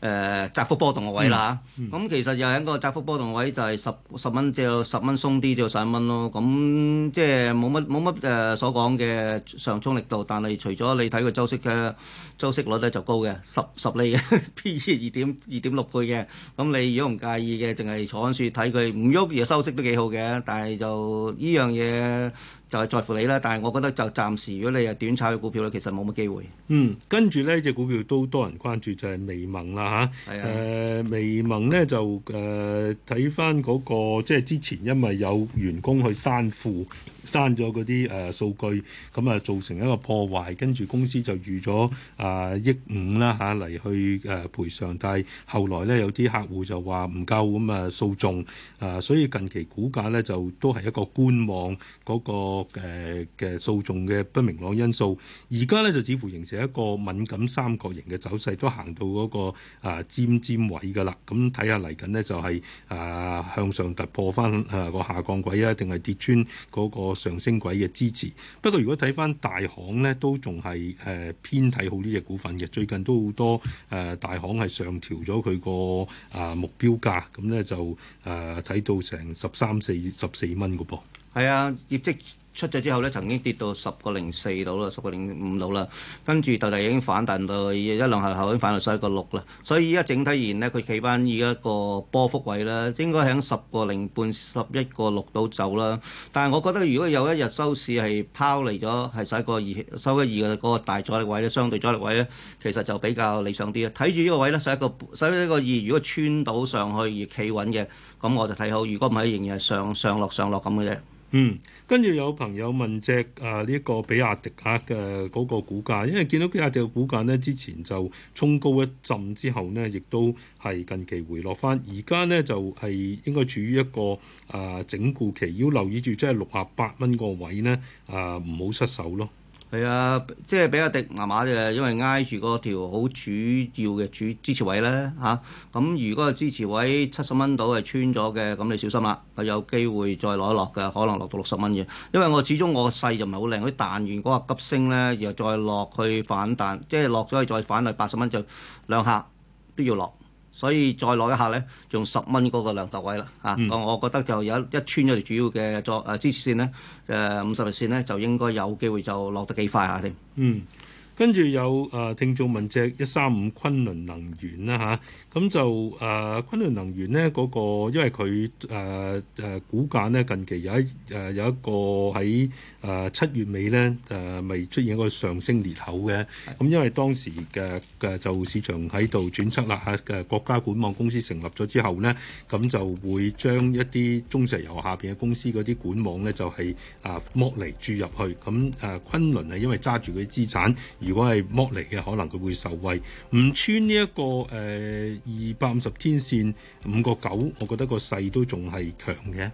誒、呃、窄幅波動個位啦咁、嗯嗯、其實又一個窄幅波動位就，就係十十蚊、嗯，即係十蚊鬆啲，即係十一蚊咯。咁即係冇乜冇乜誒所講嘅上沖力度。但係除咗你睇佢周息嘅周息率咧就高嘅，十十厘嘅 P E 二點二點六倍嘅。咁你如果唔介意嘅，淨係坐喺樹睇佢唔喐又收息都幾好嘅。但係就呢樣嘢就係在乎你啦。但係我覺得就暫時如果你係短炒嘅股票咧，其實冇乜機會。嗯，跟住呢隻、這個、股票都多人關注就係微盟啦。嚇，係啊，誒，微盟咧就誒睇翻嗰個，即係之前因為有員工去刪庫。刪咗嗰啲誒數據，咁啊造成一個破壞，跟住公司就預咗啊億五啦，吓嚟，去誒賠償。但係後來咧有啲客戶就話唔夠，咁啊訴訟啊，所以近期股價咧就都係一個觀望嗰個誒嘅訴訟嘅不明朗因素。而家咧就似乎形成一個敏感三角形嘅走勢，都行到嗰個啊尖尖位噶啦。咁睇下嚟緊咧就係啊向上突破翻誒個下降軌啊，定係跌穿嗰個？上升軌嘅支持，不過如果睇翻大行咧，都仲係誒偏睇好呢隻股份嘅。最近都好多誒、呃、大行係上調咗佢個啊目標價，咁咧就誒睇、呃、到成十三四十四蚊嘅噃。係啊，業績。出咗之後咧，曾經跌到十個零四度啦，十個零五度啦，跟住大大已經反彈到一兩下後已經反到十一個六啦。所以依家整體而言咧，佢企翻而家一個波幅位啦，應該喺十個零半十一個六度走啦。但係我覺得，如果有一日收市係拋離咗，係十一個二，十一二嘅嗰個大阻力位咧，相對阻力位咧，其實就比較理想啲啊。睇住呢個位咧，十一個，十一個二，如果穿到上去而企穩嘅，咁我就睇好。如果唔係，仍然係上上落上落咁嘅啫。嗯，跟住有朋友問隻啊，呢個比亞迪啊嘅嗰個股價，因為見到比亞迪嘅股價咧，之前就衝高一陣之後咧，亦都係近期回落返，而家咧就係、係、應該處於一個啊整固期，要留意住即係六十八蚊個位咧啊，唔好失手咯。係啊，即係俾阿迪麻麻嘅，因為挨住個條好主要嘅主支持位咧嚇。咁、啊、如果個支持位七十蚊度係穿咗嘅，咁你小心啦，佢有機會再落一落嘅，可能落到六十蚊嘅。因為我始終我個勢就唔係好靚，佢啲彈完嗰下急升咧，然後再落去反彈，即係落咗去再反嚟八十蚊就兩下都要落。所以再落一下咧，用十蚊嗰個量度位啦嚇，咁、嗯啊、我覺得就有一一穿咗條主要嘅作誒支持線咧，誒五十日線咧，就應該有機會就落得幾快下添。嗯跟住有誒、呃、聽眾問隻一三五昆侖能源啦吓，咁就誒昆侖能源咧、嗰個，因為佢誒誒股價咧近期有一誒、呃、有一個喺誒、呃、七月尾咧誒咪出現一個上升裂口嘅，咁、啊、因為當時嘅嘅、啊、就市場喺度轉出啦嚇嘅國家管網公司成立咗之後咧，咁、啊、就會將一啲中石油下邊嘅公司嗰啲管網咧就係、是、啊剝離注入去，咁誒昆侖係因為揸住嗰啲資產。如果係剝嚟嘅，可能佢會受惠。唔穿呢一個誒二百五十天線五個九，我覺得個勢都仲係強嘅。